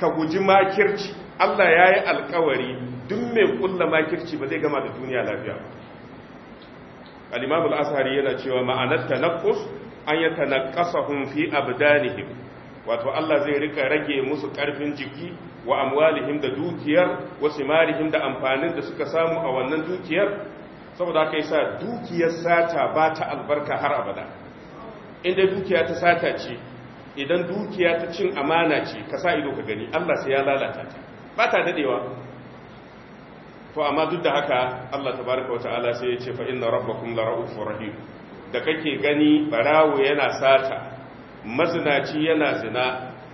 ka guji makirci Allah ya yi alkawari duk mai kulla makirci ba zai gama da duniya lafiya al-imam al-asari yana cewa ma'anar tanaqqus an yatanaqqasuhum fi abdanihim wato Allah zai rika rage musu karfin jiki wa amwalihim da dukiyar wa simarihim da amfanin da suka samu a wannan dukiyar saboda haka sa dukiyar sata ba ta albarka har abada inda dukiya ta sata ce idan dukiya ta cin amana ce ka sa ido ka gani Allah sai ya lalata ta ba ta dadewa to amma duk da haka Allah tabaraka wa ta'ala sai ya ce fa inna rabbakum la ra'ufur rahim da kake gani barawo yana sata mazinaci yana zina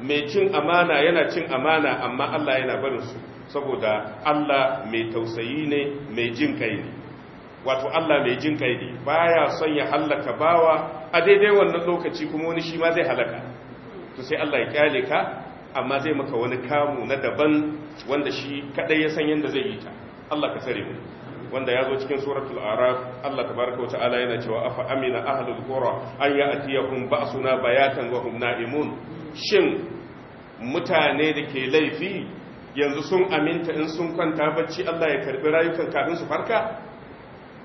mai cin amana yana cin amana amma Allah yana barin su saboda Allah mai tausayi ne mai jin kai ne wato Allah mai jin kai ne baya son ya halaka bawa a daidai wannan lokaci kuma wani shi ma zai halaka to sai Allah ya kyale ka amma zai maka wani kamu na daban wanda shi kadai ya san yanda zai yi ta Allah ka tsare mu wanda ya zo cikin suratul araf Allah tabaraka wa ta'ala yana cewa afa amina ahlul qura an ya'tiyahum ba'suna bayatan wa hum na'imun shin mutane da ke laifi yanzu sun aminta in sun kwanta bacci Allah ya karbi rayukan kafin su farka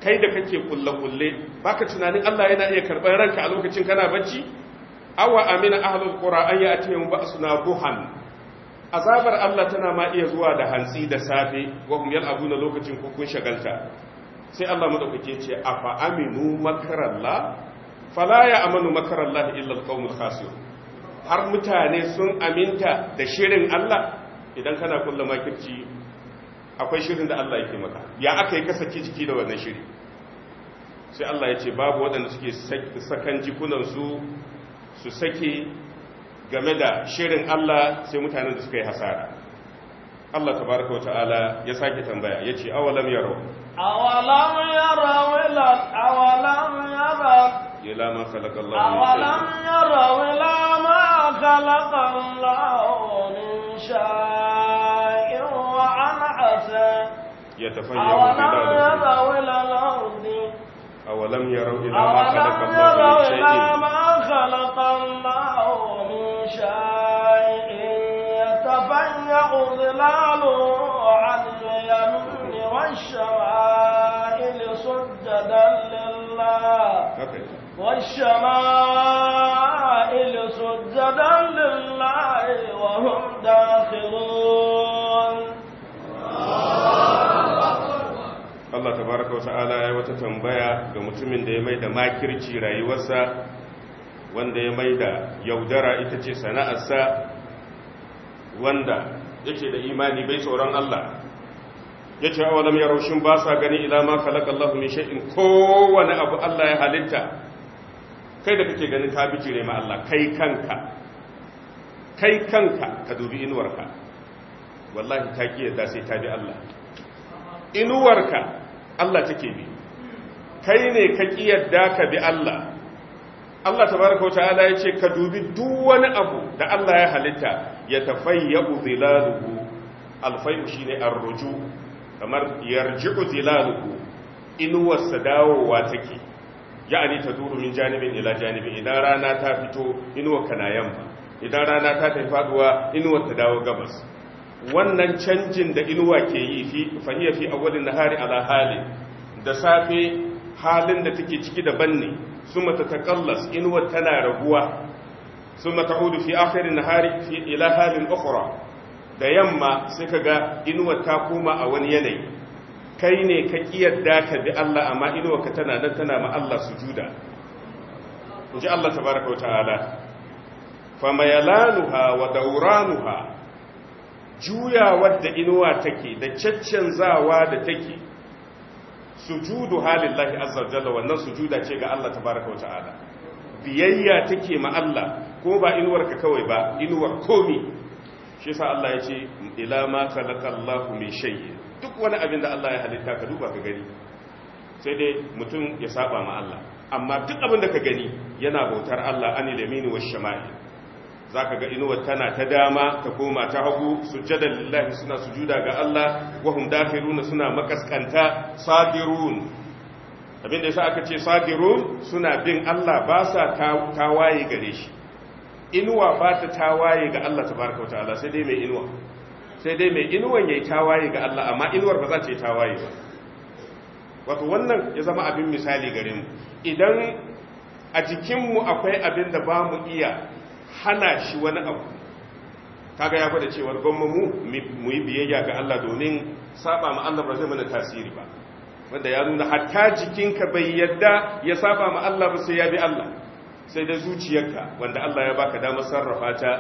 kai da kake kulle-kulle baka tunanin Allah yana iya karɓar ranka a lokacin kana bacci awa amina ahlul qura an ya'tihim ba'suna duhan azabar Allah tana ma iya zuwa da hantsi da safe wa abu na lokacin kukun shagalta sai Allah madaukake ce afa aminu makarallah Falaya, amanu makarallah illar kawun khasir har mutane sun aminta da shirin Allah idan kana kulla makirci akwai shirin da Allah yake maka ya aka yi kasance jiki da wannan shiri sai Allah ya ce babu waɗanda suke sakan jikunansu su sake game da shirin Allah sai mutanen da suka yi hasara Allah tabaraka wa ta'ala ya sake tambaya yace awalam yaro awalam yaro ila awalam yaro إلى ما خلق الله أولم يروا إلى ما خلق الله من شيء وعن عسى أولم awalam إلى الأرض أولم يروا إلى ما خلق الله من شيء أولم يروا إلى ما خلق الله شائع يتفيأ ظلاله عن اليمين والشمائل سجدا لله والشمائل سجدا لله وهم داخلون Allah tabaraka wa ta'ala ya wata tambaya ga mutumin da ya mai da makirci rayuwarsa wanda ya da yaudara ita ce sana'arsa wanda yake da imani bai tsoron Allah ya ce awalam ya raushin ba sa gani ilama Allah mai sha'in kowane abu Allah ya halitta kai da kake ganin ta bijire ma Allah kai kanka kai kanka ka dubi inuwarka wallahi ta ƙi yadda sai ta bi Allah inuwarka Allah take bi kai ne ka ƙi yadda ka bi Allah Allah tabaraka wa ta'ala ya ce ka dubi duk wani abu da Allah ya halitta ya tafayyu zilaluhu alfayu shine arruju kamar yarji'u zilaluhu inuwarsa dawowa take ya'ani taduru min janibin ila janibin idan rana ta fito inuwarka na yamma idan rana ta tafi faduwa inuwar ta dawo gabas wannan canjin da inuwa ke yi fi fahiya fi awwalin nahari ala hali da safe halin da take ciki daban ne summa tatakallas inuwar tana raguwa summa ta'udu fi akhirin nahari fi ila halin da yamma sai kaga inuwar ta koma a wani yanayi kai ne ka kiyarda ka bi Allah amma inuwar ka tana nan tana ma Allah sujuda inji Allah tabaaraka wa ta'ala famayalanuha wa dauranuha juyawar da inuwa take da caccanzawa da take sujudu halillahi azza jalla wannan sujuda ce ga Allah wa ta'ala biyayya take ma Allah ko ba inuwarka kawai ba inuwar komi shi yasa Allah ya ce ila ma khalaqallahu min shay'in duk wani abin da Allah ya halitta ka duba ka gani sai dai mutum ya saba ma Allah amma duk abin da ka gani yana bautar Allah anil yamini wash shama'il za ka ga inuwar tana ta dama ta koma ta hagu sujjadar lillahi suna sujuda ga Allah wahum dafiruna suna makaskanta abin da yasa aka ce sadirun suna bin Allah ba sa tawaye gare shi inuwa ba ta tawaye ga Allah tabaraka wataala sai dai mai inuwa sai dai mai inuwan yayi tawaye ga Allah amma inuwar ba za ta yi tawaye ba wato wannan ya zama abin misali gare mu idan a jikinmu akwai abin da ba mu iya hana shi wani abu kaga ya gwada cewar gwamma mu mu yi biyayya ga Allah domin saba ma Allah ba zai mana tasiri ba wanda ya nuna hatta jikinka bai yadda ya saba ma Allah ba sai ya bi Allah sai da zuciyarka wanda Allah ya baka damar sarrafa ta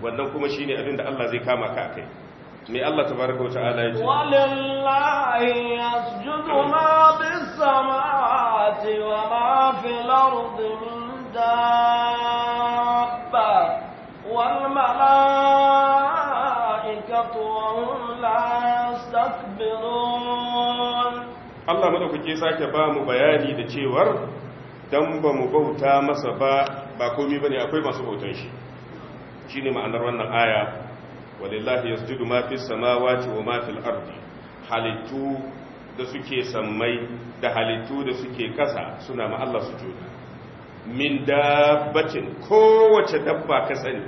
wannan kuma shine abin da Allah zai kama ka kai me Allah tabaraka wa ta'ala ce wallahi yasjudu ma bis samawati wa ma fil ardi الدابة والملائكة وهم لا يستكبرون الله madaukake sake ba mu bayani da cewar dan ba mu bauta masa ba ba komai bane akwai masu bautan shi shine ma'anar wannan aya walillahi yasjudu ma fis samawati wa ma fil ardi halittu da suke sammai da halittu da suke kasa suna ma Allah sujuda min dabbacin kowace dabba ka sani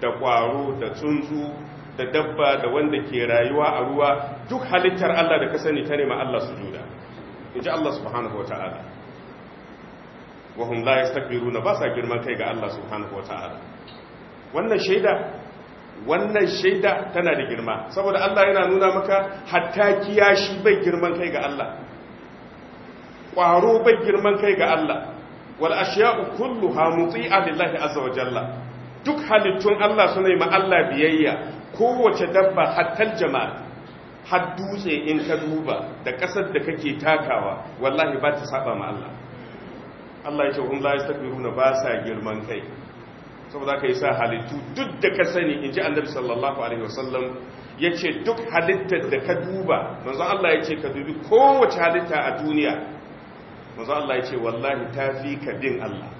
da kwaro da tsuntsu da dabba da wanda ke rayuwa a ruwa duk halittar Allah da ka sani ta nema Allah su juda in ji Allah subhanahu wa ta'ala wahum la na ba sa girman kai ga Allah subhanahu wa ta'ala wannan shaida wannan shaida tana da girma saboda Allah yana nuna maka hatta kiyashi bai girman kai ga Allah ƙwaro bai girman kai ga Allah wal ashiya'u kulluha muti'a lillahi azza wa jalla duk halittun Allah suna yi ma Allah biyayya kowace dabba hattal jama'a har dutse in ka duba da ƙasar da kake takawa wallahi ba ta saba ma Allah Allah ya ce hum la yastakbiruna ba sa girman kai saboda kai sa halittu duk da ka sani in ji annabi sallallahu alaihi wasallam yace duk halittar da ka duba manzo Allah yace ka dubi kowace halitta a duniya manzo Allah ya ce wallahi tafi ka bin Allah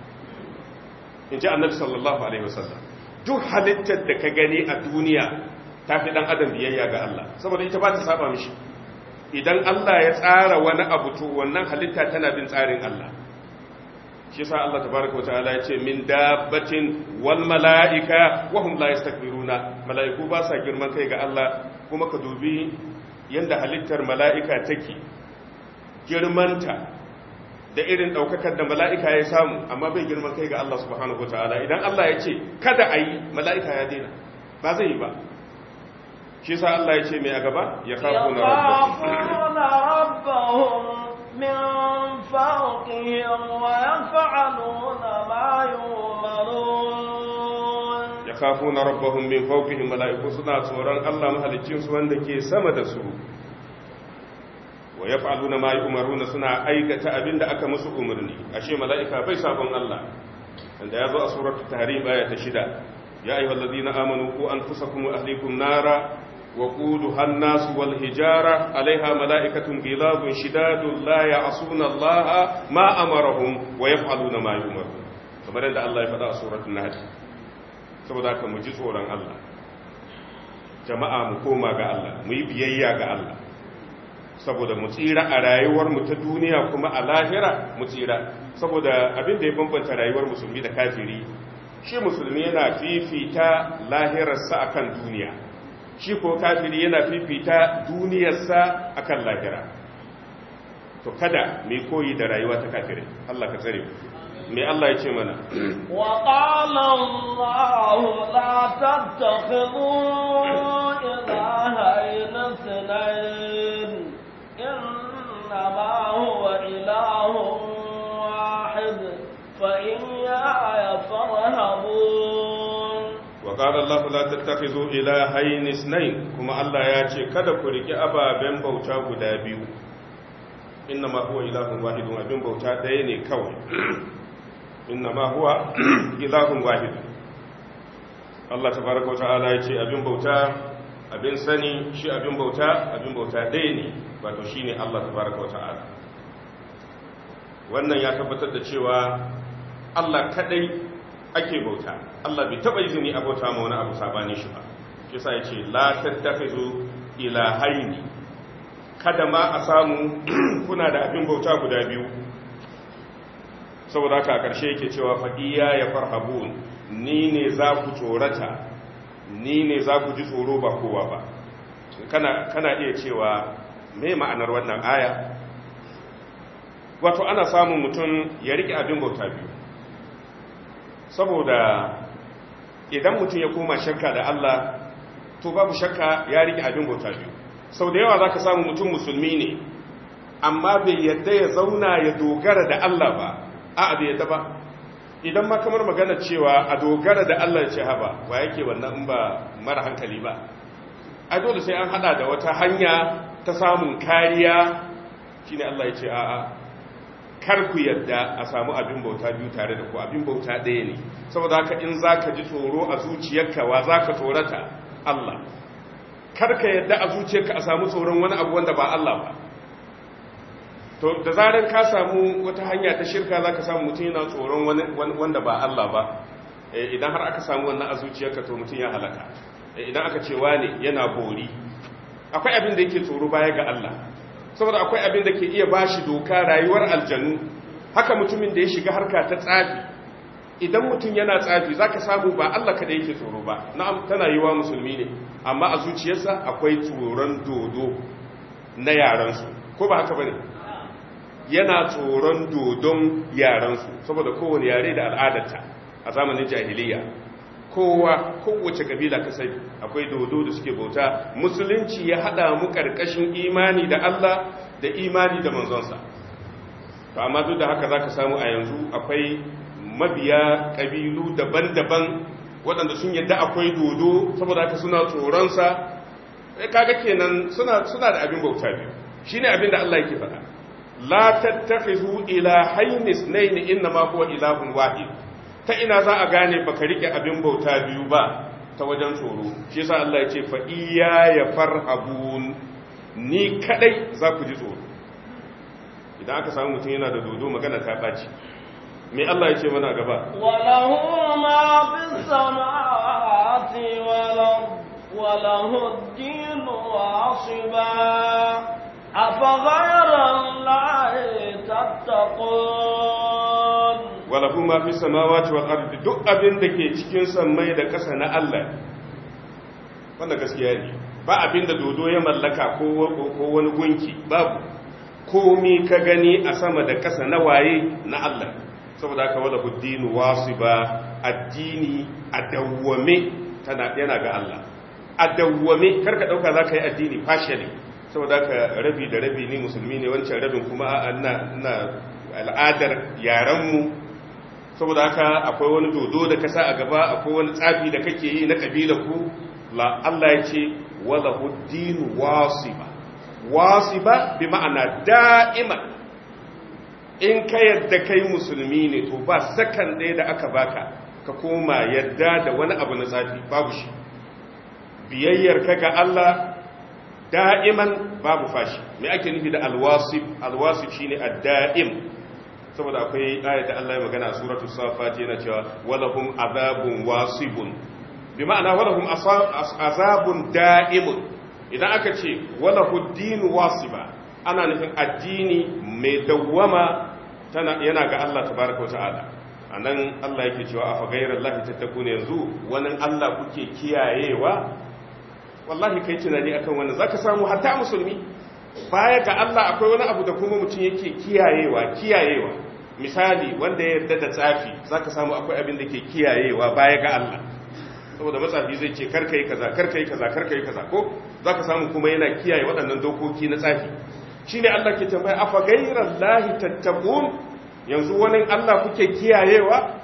in annabi sallallahu alaihi wasallam duk halittar da ka gani a duniya tafi fi dan adam biyayya ga Allah saboda ita ba ta saba mishi idan Allah ya tsara wani abu to wannan halitta tana bin tsarin Allah shi sa Allah tabaraka wa ta'ala ya ce min dabbatin wal mala'ika wa hum la yastakbiruna mala'iku ba sa girman kai ga Allah kuma ka dubi yanda halittar mala'ika take girmanta da irin daukakar da mala'ika ya samu amma bai girman kai ga Allah subhanahu ta'ala idan Allah ya ce kada a yi mala'ika ya daina ba zai yi ba shi sa Allah ya ce mai a gaba ya kafu na rabbahum من فوقهم ويفعلون ما يؤمرون يخافون ربهم من فوقهم ملائكه suna tsoron Allah mahaliccin su wanda ke sama da su wa yaf'aluna ma yu'maruna suna aikata abinda aka musu umarni ashe mala'ika bai sabon Allah ya yazo a suratul tahrim baya ta shida ya ayyuhallazina amanu qu anfusakum wa ahlikum nara وقودها الناس والحجارة عليها ملائكة غلاظ شداد لا يعصون الله ما أمرهم ويفعلون ما يؤمرون kamar yadda Allah ya faɗa a suratul nahl saboda haka mu ji tsoron Allah jama'a mu koma ga Allah mu yi biyayya ga Allah saboda mu tsira a rayuwar mu ta duniya kuma a lahira mu tsira saboda abin da ya bambanta rayuwar musulmi da kafiri shi musulmi yana fifita lahirarsa akan duniya shi ko kafiri yana fifita duniyarsa akan lahira to kada mai koyi da rayuwa ta kafiri, Allah ka tsare mu mai Allah ya ce mana wa qala Allahu la tattakhidhu ilaha illa فإياي فارهبون وقال الله لا تتخذوا إلهين اثنين كما الله ياتي kada ku riki ababen bauta guda biyu innama huwa ilahun wahidun abin bauta ɗaya ne kawai innama huwa ilahun wahidun Allah tabaraka wata'ala ya ce abin bauta abin sani shi abin bauta abin bauta ɗaya ne wato shine Allah tabaraka wata'ala wannan ya tabbatar da cewa Allah kadai ake bauta Allah bai taba izini a bauta ma wani abu sabani shi ba shi yasa yace la ila ilahaini kada ma a samu kuna da abin bauta guda biyu saboda ka a yake cewa faɗi ya farhabun ni ne za ku tsorata ni ne za ku ji tsoro ba kowa ba kana iya cewa me ma'anar wannan aya wato ana samun mutum ya riƙe abin bauta biyu saboda idan mutum ya koma shakka da Allah to babu shakka ya rike abin bauta biyu sau da yawa za ka samu mutum musulmi ne amma bai yadda ya zauna ya dogara da Allah ba a bai yadda ba idan ma kamar magana cewa a dogara da Allah ce haba wa yake wannan ba mara hankali ba a dole sai an hada da wata hanya ta samun kariya ne Allah ya ce a'a kar ku yadda a samu abin bauta biyu tare da ku abin bauta ɗaya ne saboda haka in za ka ji tsoro a zuciyarka wa za ka tsorata Allah kar ka yadda a zuciyarka a samu tsoron wani abu wanda ba Allah ba to da zarar ka samu wata hanya ta shirka za ka samu mutum yana tsoron wanda ba Allah ba eh, idan har aka samu wannan a zuciyarka to mutum ya halaka eh, idan aka ce wane yana bori akwai abin da yake tsoro baya ga Allah saboda akwai abin da ke iya ba shi doka rayuwar aljanu haka mutumin da ya shiga harka ta tsafi idan mutum yana tsafi za ka samu ba Allah kada yake tsoro ba na'am tana yiwa musulmi ne amma a zuciyarsa akwai tsoron dodo na yaransu ko ba haka bane yana tsoron dodon yaransu saboda kowane yare da al'adarta a zamanin jahiliya kowa kowace kabila ka sai akwai dodo da suke bauta musulunci ya hada mu karkashin imani da Allah da imani da manzonsa to amma duk da haka zaka samu a yanzu akwai mabiya kabilu daban-daban waɗanda sun yadda akwai dodo saboda haka suna tsoronsa eh, kaga kenan suna suna da abin bauta biyu shine abin da Allah yake faɗa la tattakhizu ilahayn isnayn inma huwa ilahun wahid ta ina za a gane baka rike abin bauta biyu ba ta wajen tsoro shi sa Allah ya ce fa iyaya farhabun ni kadai za ku ji tsoro idan aka samu mutum yana da dodo magana ta baci Me Allah ya ce mana gaba walahu ma fi samawati walahu asiba afa ghayra allahi tattaqun walahu ma fi samawati wal ardi duk abin da ke cikin samai da ƙasa na Allah wannan gaskiya ne ba abin da dodo ya mallaka ko wani gunki babu komai ka gani a sama da ƙasa na waye na Allah saboda haka wala huddinu wasiba addini adawwame tana yana ga Allah adawwame dawwame karka dauka zaka yi addini partially saboda haka rabi da rabi ni musulmi ne wancan rabin kuma a ina al'adar yaranmu saboda haka akwai wani dodo da ka sa a gaba akwai wani tsafi da kake yi na ƙabila ku la Allah ya ce wala huddinu wasiba wasiba bi ma'ana da'ima in ka yadda kai musulmi ne to ba sakan ɗaya da aka baka ka koma yadda da wani abu na tsafi babu shi biyayyar ka ga Allah da'iman babu fashi me ake nufi da alwasib alwasib shine ad-da'im saboda akwai ayat da Allah ya magana a suratul safat yana cewa walahum azabun wasibun bi ma'ana walahum azabun da'imun idan aka ce walahu dinu wasiba ana nufin addini mai dawwama tana yana ga Allah tabaraka ta'ala anan Allah yake cewa afa ghayrallahi tattakuna yanzu wani Allah kuke kiyayewa wallahi kai tunani akan wannan zaka samu hatta musulmi baya ga Allah akwai wani abu da kuma mutum yake kiyayewa kiyayewa misali wanda ya yarda da tsafi zaka samu akwai abin da ke kiyayewa baya ga Allah saboda matsafi zai ce karka yi kaza karka yi kaza karka yi kaza ko zaka samu kuma yana kiyaye waɗannan dokoki na tsafi shine Allah ke tambaya afa ghayrallahi tattaqun yanzu wani Allah kuke kiyayewa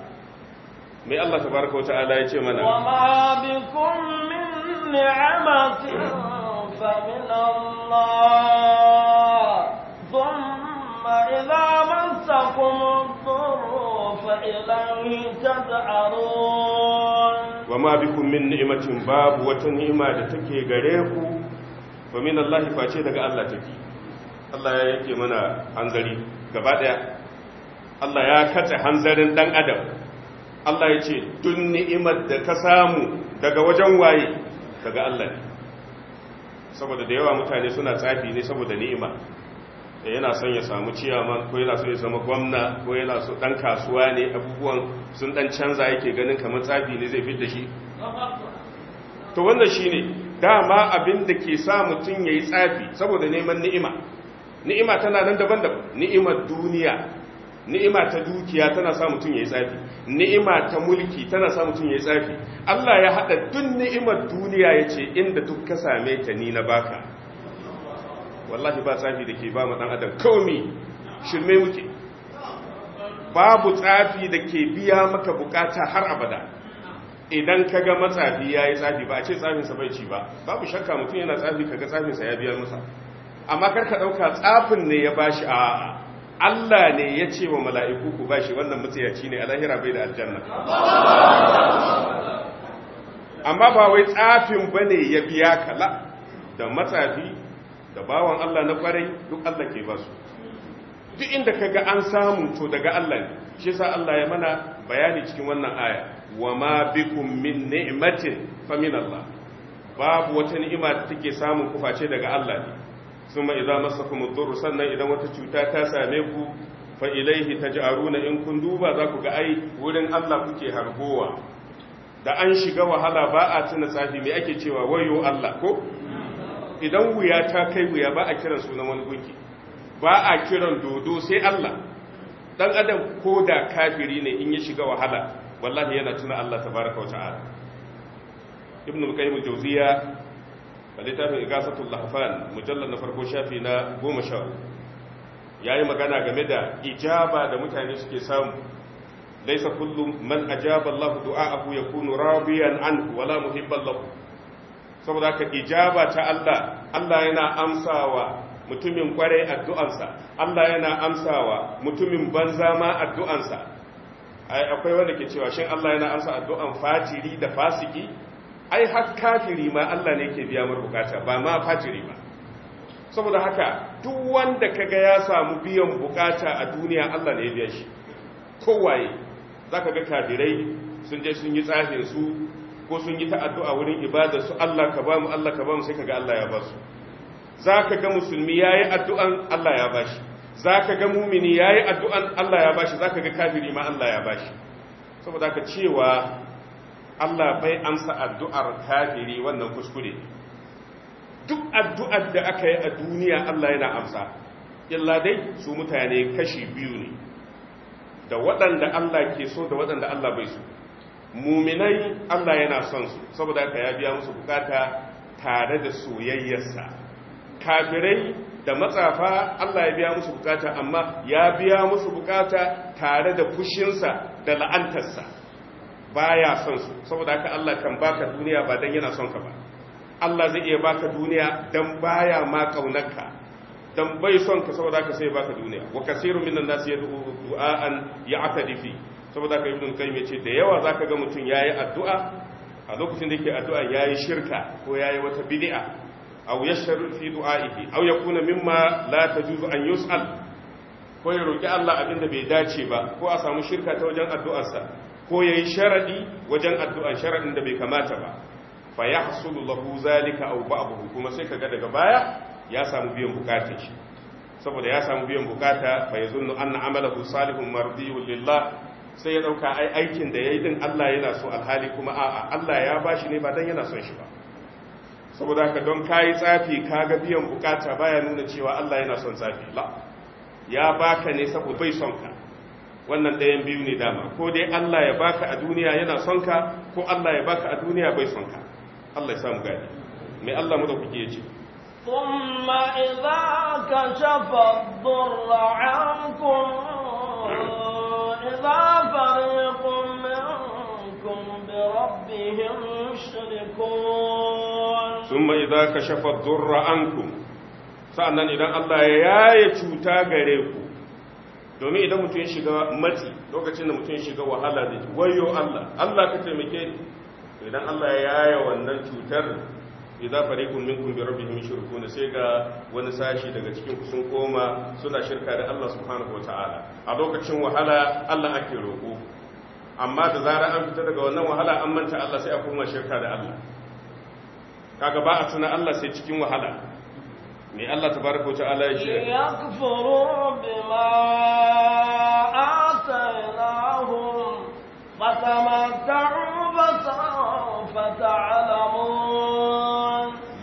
mai Allah baraka wa ta'ala ya ce mana wa ma bikum min ni'amatin فمن الله ثم إذا مسكم الضر فإليه تدعرون وما بكم من نعمة باب وتنعمة تكي غريب فمن الله فاشي دقاء الله تكي Allah ya yake mana hanzari gaba ɗaya Allah ya kace hanzarin ɗan adam Allah ya ce Dun ni'imar da ka samu daga wajen waye daga Allah ne saboda da yawa mutane suna tsafi ne saboda ni'ima da eh, yana son ya samu ciyaman ko yana son ya zama gwamna ko yana so dan kasuwa ne abubuwan sun dan canza yake ganin kamar tsafi ne zai da shi to wannan shine dama abin da ke sa mutum yayi tsafi saboda neman ni'ima ni'ima tana nan daban-daban ni'imar duniya ni'ima ta dukiya tana sa mutum yayi tsafi ni'ima ta mulki tana sa mutum ya yi tsafi Allah ya haɗa duk ni'imar duniya ya ce inda duk ka same ta ni na baka wallahi ba tsafi ke ba mu dan adam komi shirme muke babu tsafi da ke biya maka bukata har abada idan ka ga matsafi ya yi tsafi ba a ce tsafinsa bai ci ba babu shakka mutum yana tsafi ka ga tsafinsa ya biya masa amma kar ka ɗauka tsafin ne ya bashi a'a. Allah ne ya ce wa mala'iku ku ba shi wannan matsayaci ne a lahira bai da aljanna. Amma ba wai tsafin ba ne ya biya kala da matsafi da bawan Allah na kwarai duk Allah ke ba su. Duk inda ka ga an samu to daga Allah ne, shi sa Allah ya mana bayani cikin wannan aya, wa ma bikun min ni'matin fa min Allah. Babu wata ni'ima da take samun kuface daga Allah ne. sun ma'iza masa kuma sannan idan wata cuta ta same ku fa ilaihi ta in kun duba za ku ga ai wurin Allah kuke harbowa da an shiga wahala ba a tuna tsafi mai ake cewa wayo Allah ko idan wuya ta kai wuya ba a kiran sunan wani gunki ba a kiran dodo sai Allah dan adam ko da kafiri ne in ya shiga wahala wallahi yana tuna Allah tabaraka wa ta'ala ibnu al-qayyim al-jawziya a littafin igasatul lahfan mujallar na farko shafi na goma yayi ya yi magana game da ijaba da mutane suke samu laisa kullum man ajaba Allah du'a'ahu yakunu rabiyan anhu wala muhibban lahu saboda ka ijaba ta Allah Allah yana amsawa mutumin kwarai addu'ansa Allah yana amsawa mutumin banza ma addu'ansa akwai wanda ke cewa shin Allah yana amsa addu'an fajiri da fasiki ai har kafiri ma Allah ne ke biya mar bukata ba ma fajiri ba saboda haka duk wanda kaga ya samu biyan bukata a duniya Allah ne ya biya shi kowaye zaka ga kafirai sun je sun yi tsafin su ko sun yi ta'addu'a wurin ibadar su Allah ka bamu Allah ka bamu sai kaga Allah ya ba su zaka ga musulmi yayi addu'an Allah ya ba shi zaka ga mumini yayi addu'an Allah ya ba shi zaka ga kafiri ma Allah ya ba shi saboda haka cewa Allah bai amsa addu'ar kafiri wannan kuskure duk addu'ar da aka yi a duniya Allah yana amsa illa dai su mutane kashi biyu ne da waɗanda Allah ke so da waɗanda Allah bai so muminai Allah yana son su saboda aka ya biya musu bukata tare da soyayyarsa kafirai da matsafa Allah ya biya musu bukata amma ya biya musu bukata tare da fushinsa da la'antarsa baya son su saboda haka Allah kan baka duniya ba dan yana son ka ba Allah zai iya baka duniya dan baya ma kaunarka dan bai son ka saboda haka sai baka duniya wa kaseeru minan nas yad'u du'aan ya'tadi fi saboda haka ibnu qayyim yace da yawa zaka ga mutun yayi addu'a a lokacin da yake addu'a yayi shirka ko yayi wata bid'a aw yashru fi du'aihi aw yakuna mimma la tajuzu an yus'al ko ya roki Allah abinda bai dace ba ko a samu shirka ta wajen addu'arsa ko ya yi sharaɗi wajen addu'an sharaɗin da bai kamata ba fa ya hasulu lahu zalika aw ba'dahu kuma sai kaga daga baya ya samu biyan bukatar shi saboda ya samu biyan bukata fa yazunnu anna amalahu salihun mardiyun lillah sai ya dauka ai aikin da yayi din Allah yana so alhali kuma a'a Allah ya bashi ne ba dan yana son shi ba saboda haka don kayi tsafi kaga biyan bukata baya nuna cewa Allah yana son tsafi la ya baka ne saboda bai son ka wannan ɗayan biyu ne dama ko dai Allah ya baka a duniya yana son ka ko Allah ya baka a duniya bai son ka Allah ya samu gani mai Allah mu da kuke yace ثم إذا كشف الضر عنكم إذا فريق منكم بربهم يشركون ثم إذا كشف الضر عنكم sa'annan idan Allah ya yaye cuta gare ku domin idan mutum ya shiga mati, lokacin da mutum ya shiga wahala da wayo Allah Allah ka taimake idan Allah ya yaya wannan cutar idan fariqun minkum bi rabbihim yushrikun sai ga wani sashi daga cikin ku sun koma suna shirka da Allah subhanahu wataala a lokacin wahala Allah ake roƙo, amma da zarar an fita daga wannan wahala an manta Allah sai a koma shirka da Allah kaga ba a tuna Allah sai cikin wahala me Allah ta tabaraka ta'ala ya ce bima atainahum fatamatta'u fasawfa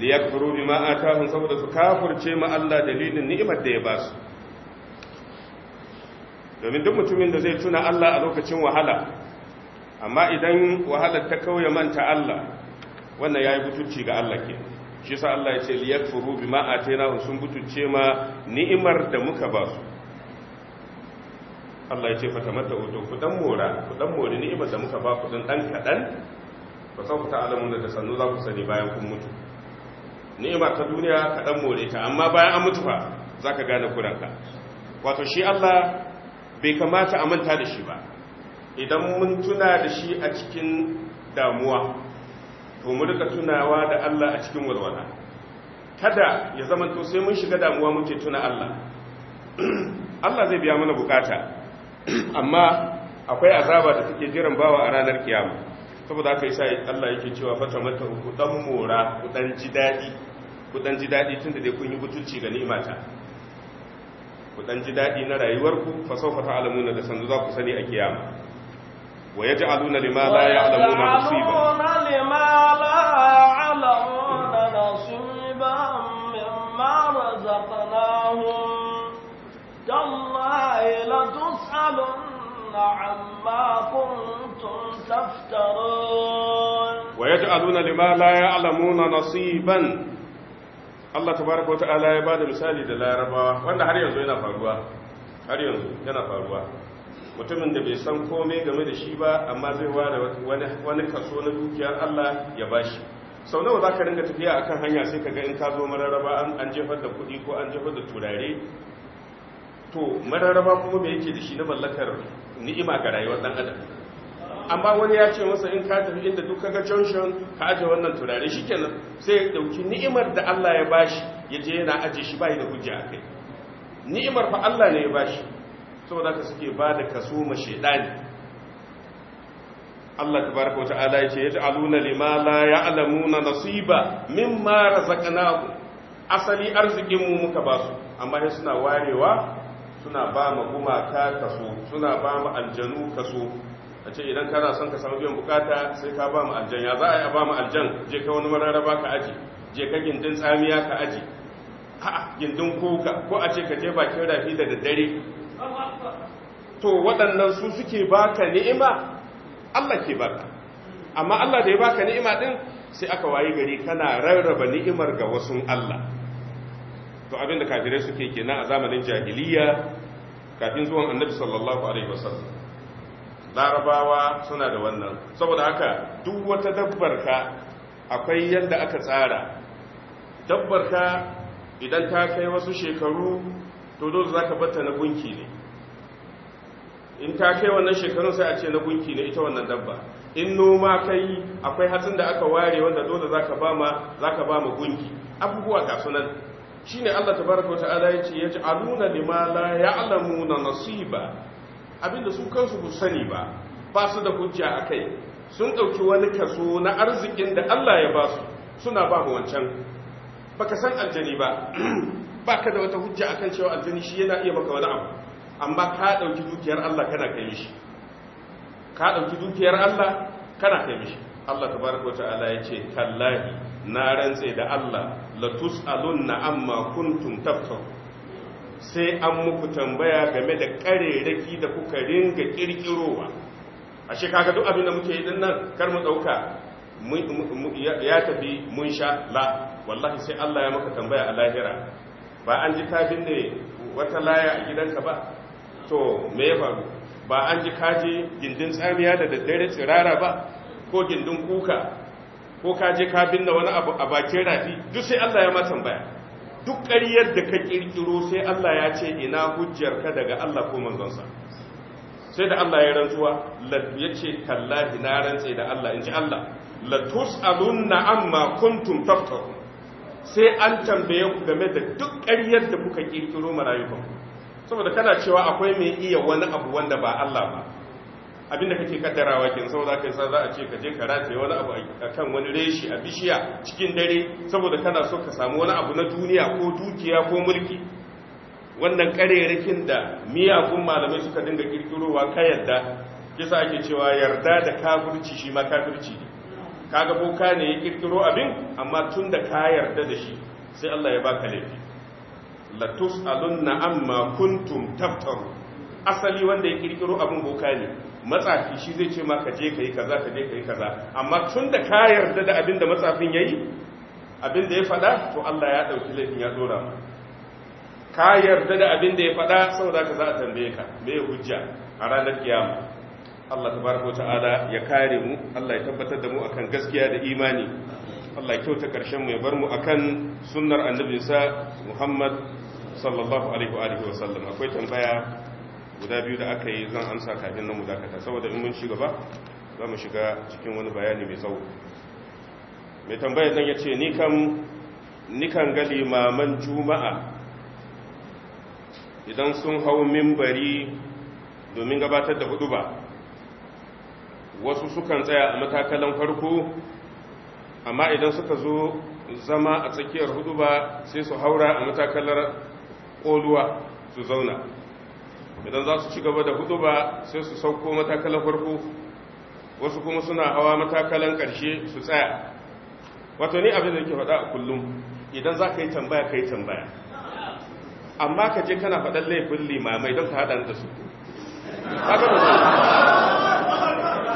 liyakfuru bima atahum saboda su kafirce ma Allah dalilin ni'imar da ya ba su domin duk mutumin da zai tuna Allah a lokacin wahala amma idan wahalar ta kauye manta Allah wannan yayi butulci ga Allah kenan shi sa Allah ya ce liyar liyakfuru bima atainahum sun butulce ma ni'imar da muka ba su Allah ya ce mata wato ku dan mora ku dan mori ni'imar da muka ba ku dan dan kadan ba sau ku ta'alamu da sannu za ku sani bayan kun mutu ni'ima ta duniya kadan more ta amma bayan an mutu fa ka gane kuranka wato shi Allah bai kamata a manta da shi ba idan mun tuna da shi a cikin damuwa to mu rika tunawa da Allah a cikin walwala kada ya zama to sai mun shiga damuwa muke tuna Allah Allah zai biya mana bukata amma akwai azaba da take jiran bawa a ranar kiyama saboda haka yasa Allah yake cewa fata mata ku dan mora ku dan ji dadi ku dan ji dadi tunda dai kun yi butulci ga ni'imata ku dan ji dadi na rayuwarku fa sawfa ta'lamuna da sanzu za ku sani a kiyama wa yaj'aluna lima la ya'lamuna nasiba lima la ya'lamuna nasiba mimma razaqnahum tallahi wa yaj'aluna lima la na nasiban Allah tabaraka wa ta'ala ya bada misali da larabawa wanda har yanzu yana faruwa har yanzu yana faruwa mutumin da bai san komai game da shi ba amma zai ware wani kaso na dukiyar Allah ya bashi sau nawa za ka ringa tafiya a kan hanya sai ka ga in ka zo mararraba an jefar da kuɗi ko an jefar da turare to mararraba kuma me yake da shi na mallakar ni'ima ga rayuwar dan adam amma wani ya ce masa in ka tafi inda duk kaga junction ka aje wannan turare shikenan sai ya dauki ni'imar da Allah ya bashi ya je yana aje shi bai da hujja akai ni'imar fa Allah ne ya bashi saboda ka suke ba da kaso ma shaidani Allah tabaraka wa ta'ala yace yaj'aluna lima la ya'lamuna nasiba mimma razaqnahu asali arzikin mu muka ba su amma sai suna warewa suna ba mu gumaka kaso suna ba mu aljanu kaso a ce idan kana son ka samu biyan bukata sai ka ba mu aljan ya za a yi a ba mu aljan je ka wani mararaba ka aji je ka gindin tsamiya ka aji a'a gindin koka ko a ce ka je bakin rafi da daddare to waɗannan su suke baka ni'ima Allah ke baka amma Allah da ya baka ni'ima din sai aka wayi gari kana rarraba ni'imar ga wasu Allah to abin da kafirai suke kenan a zamanin jahiliya kafin zuwan annabi sallallahu alaihi wasallam larabawa suna da wannan saboda haka duk wata dabbar ka akwai yadda aka tsara dabbar ka idan ta kai wasu shekaru to dole zaka bata na gunki ne in ta kai wannan shekarun sai a ce na gunki na ita wannan dabba in noma kai akwai hatsin da aka ware wanda dole za ka ba ma gunki abubuwa ga sunan ne Allah ta baraka wata ya ya ce ce a nuna Limala ya alamu na nasiba abinda su kansu ku sani ba ba su da hujja kai. sun dauki wani kaso na arzikin da Allah ya ba su suna ba mu wancan ka san aljani ba ba ka da wata hujja akan cewa aljani shi yana iya maka wani abu amma ka ɗauki dukiyar Allah kana kai mishi ka ɗauki dukiyar Allah kana kai mishi Allah tabaraka ta'ala ya ce tallahi na rantse da Allah la tus'alunna amma kuntum taftaru sai an muku tambaya game da kareraki da kuka ringa kirkirowa ashe kaga duk abin da muke yi nan kar mu dauka ya tafi mun sha la wallahi sai Allah ya maka tambaya a lahira ba an ji tafin ne wata laya a gidanka ba to me ya faru ba an ji kaje gindin tsamiya da daddare tsirara ba ko gindin kuka ko kaje ka binne wani abu a bakin rafi duk sai Allah ya ma tambaya duk ƙaryar da ka kirkiro sai Allah ya ce ina hujjarka daga Allah ko manzonsa sai da Allah ya rantsuwa ya ce tallahi na rantse da Allah in ji Allah la tus'alunna amma kuntum taftarun sai an tambaye ku game da duk ƙaryar da kuka kirkiro marayukan saboda kana cewa akwai mai iya wani abu wanda ba Allah ba abinda kake kaddarawa kin za ka sa za a ce ka je ka rataye wani abu a kan wani reshi a bishiya cikin dare saboda kana so ka samu wani abu na duniya ko dukiya ko mulki wannan karerikin da miyagun malamai suka dinga kirkirowa ka yarda yasa ake cewa yarda da kafirci shi ma kafirci ne kaga boka ne ya kirkiro abin amma tun da ka yarda da shi sai Allah ya baka laifi Alunna, amma kuntum Taftar asali wanda ya kirkiro abin boka ne matsafi shi zai ce ma ka je kai kaza ka je kai kaza amma tun da ka yarda da abin da matsafin yayi abin da ya fada to Allah ya dauki laifin ya dora ma ka yarda da abin da ya fada saboda ka za a tambaye ka me hujja a ranar kiyama Allah tabaraka wa ta'ala ya kare mu Allah ya tabbatar da mu akan gaskiya da imani Allah kyauta karshen mu ya bar mu akan sunnar annabinsa Muhammad sallallahu alaihi wa alihi wa sallam akwai tambaya guda biyu da aka yi zan amsa kafin nan mu dakata saboda in mun shiga ba za mu shiga cikin wani bayani mai tsawo mai tambaya zan yace ni kam ni kan ga limaman juma'a idan sun hau mimbari domin gabatar da hudu ba wasu sukan tsaya a matakalan farko amma idan suka zo zama a tsakiyar hudu ba sai su haura a matakalar ƙoluwa su zauna idan za su ci gaba da hudu ba sai su sauko matakalar farko wasu kuma suna hawa matakalan ƙarshe su tsaya wato ni abin da yake faɗa a kullum idan za ka yi tambaya ka yi tambaya amma ka je kana faɗan laifin limamai don ka haɗa da su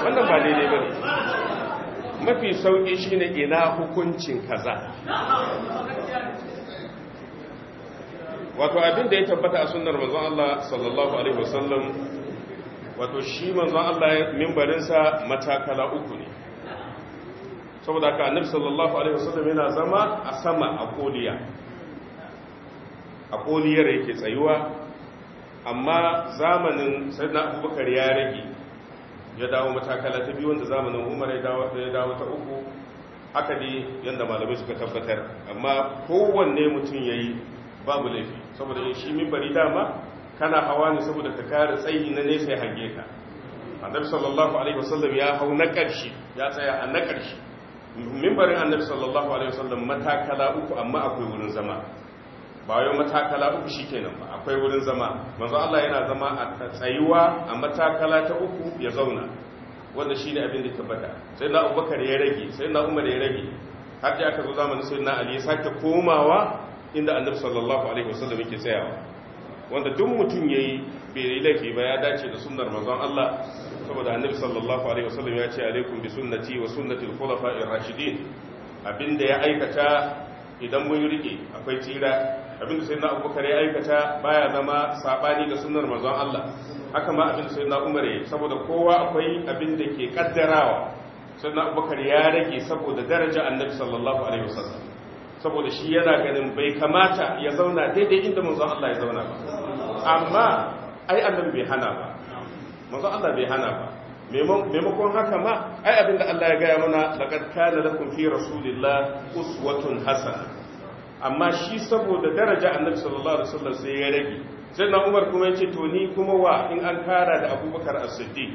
wannan ba daidai ba ne mafi sauƙi shine ina hukuncin kaza wato abin da ya tabbata a sunnar manzon Allah sallallahu alaihi wasallam wato shi manzon Allah mimbarinsa matakala uku ne saboda ka annabi sallallahu alaihi wasallam yana zama a sama a koliya a koliyar yake tsayuwa amma zamanin sayyidina Abubakar ya rage ya dawo matakala ta biyu wanda zamanin umar ya dawo ta uku haka ne yadda malamai suka tabbatar amma kowanne mutum ya yi babu laifi saboda yin shi mimbari dama kana hawa ne saboda ka kare tsayi na nesa ya hange ka annabi sallallahu alaihi wasallam ya hau na ƙarshe ya tsaya a na ƙarshe mimbarin annabi sallallahu alaihi wasallam matakala uku amma akwai wurin zama ba matakala uku shi shikenan ba akwai wurin zama manzo Allah yana zama a tsayuwa a matakala ta uku ya zauna wanda shi ne abin da tabbata sai na Abubakar ya rage sai na Umar ya rage har da aka zo zamanin sai na Ali ya sake komawa inda Annabi sallallahu alaihi wasallam yake tsayawa wanda duk mutum yayi bai yi laifi ba ya dace da sunnar manzo Allah saboda Annabi sallallahu alaihi wasallam ya ce alaikum bi sunnati wa sunnati al ar rashidin abinda ya aikata idan mun rike akwai tsira abinda sai na abubakar ya aikata baya zama sabani da sunar mazan Allah haka ma abinda sai na umar ya saboda kowa akwai abin da ke kaddarawa sai na abubakar ya rage saboda daraja annabi sallallahu alaihi wasallam saboda shi yana ganin bai kamata ya zauna daidai inda mazan Allah ya zauna ba amma ai annabi bai hana ba Mazan Allah bai hana ba maimakon haka ma ai abinda Allah ya gaya mana laqad kana lakum fi rasulillah uswatun hasanah amma shi saboda daraja annabi sallallahu alaihi wasallam sai ya rage sai na umar kuma yace to ni kuma wa in an kara da abubakar as-siddiq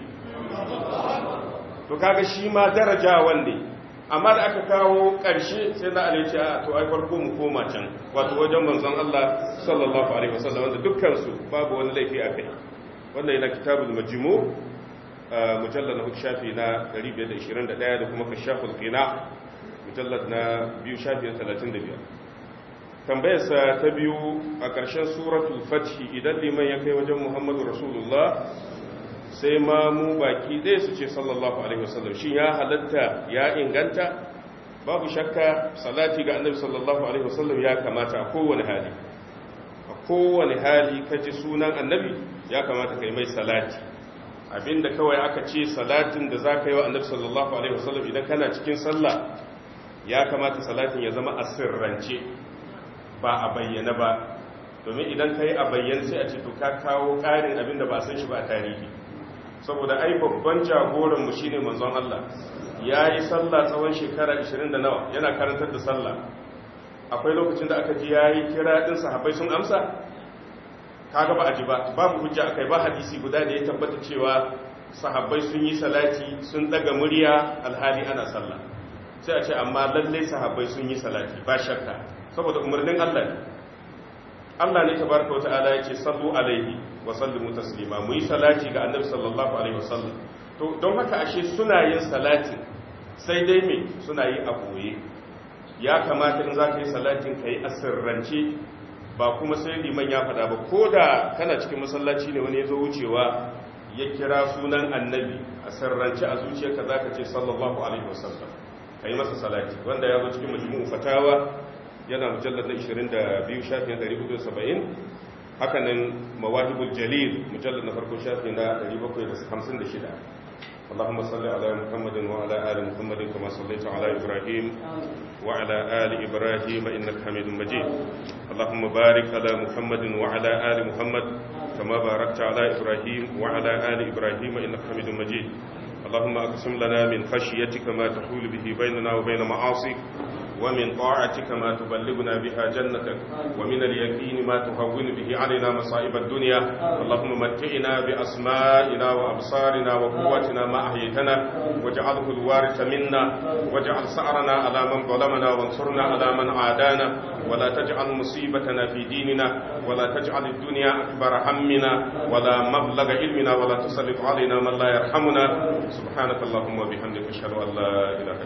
to kaga shi ma daraja wanne amma da aka kawo ƙarshe sai na alaice a to ai farko mu koma can wato wajen manzon Allah sallallahu alaihi wasallam wanda dukkan su babu wani laifi a kai wannan yana kitabul majmu mujallad na shafi na 521 da kuma kashaful kina mujallad na biyu shafi 35 tambayarsa ta biyu a ƙarshen suratu fathi idan liman ya kai wajen muhammadu rasulullah sai ma mu baki ɗaya su ce sallallahu alaihi wasallam shi ya halatta ya inganta babu shakka salati ga annabi sallallahu alaihi wasallam ya kamata a kowane hali a kowane hali ka ji sunan annabi ya kamata ka yi mai salati abinda kawai aka ce salatin da za ka yi wa annabi sallallahu alaihi wasallam idan kana cikin sallah ya kamata salatin ya zama a sirrance ba a bayyana ba domin idan ka yi a bayyana sai a ce to ka kawo ƙarin abin da ba san shi ba a tarihi saboda ai babban jagoranmu shine manzon Allah ya yi sallah tsawon shekara 20 da nawa yana karantar da sallah akwai lokacin da aka ji ya yi kira ɗin sahabbai sun amsa kaga ba a ji ba babu hujja akai ba hadisi guda da ya tabbata cewa sahabbai sun yi salati sun daga murya alhali ana sallah sai a ce amma lallai sahabbai sun yi salati ba shakka saboda umarnin Allah ne Allah ne tabaraka wata'ala yake sallu alaihi wa sallimu taslima mu yi salati ga annabi sallallahu alaihi wasallam to don haka ashe suna yin salati sai dai me suna yi a boye ya kamata in zaka yi salatin ka yi asirrance ba kuma sai liman ya fada ba ko da kana cikin masallaci ne wani ya zo wucewa ya kira sunan annabi a sarrance a zuciyarka za ka ce sallallahu alaihi wasallam ka yi masa salati wanda ya zo cikin majmu'u fatawa yana mujallar na 22 shafin 470 hakanan mawahibul jalil mujallar na farko shafi na 756 اللهم صل على محمد وعلى آل محمد كما صليت على إبراهيم وعلى آل إبراهيم إنك حميد مجيد اللهم بارك على محمد وعلى آل محمد كما باركت على إبراهيم وعلى آل إبراهيم إنك حميد مجيد اللهم أقسم لنا من خشيتك ما تحول به بيننا وبين معاصيك ومن طاعتك ما تبلغنا بها جنتك ومن اليقين ما تهون به علينا مصائب الدنيا اللهم متئنا بأسمائنا وأبصارنا وقوتنا ما أحيتنا واجعله الوارث منا واجعل سعرنا على من ظلمنا وانصرنا على من عادانا ولا تجعل مصيبتنا في ديننا ولا تجعل الدنيا أكبر همنا ولا مبلغ علمنا ولا تسلط علينا من لا يرحمنا سبحانك اللهم وبحمدك اشهد ان لا اله الا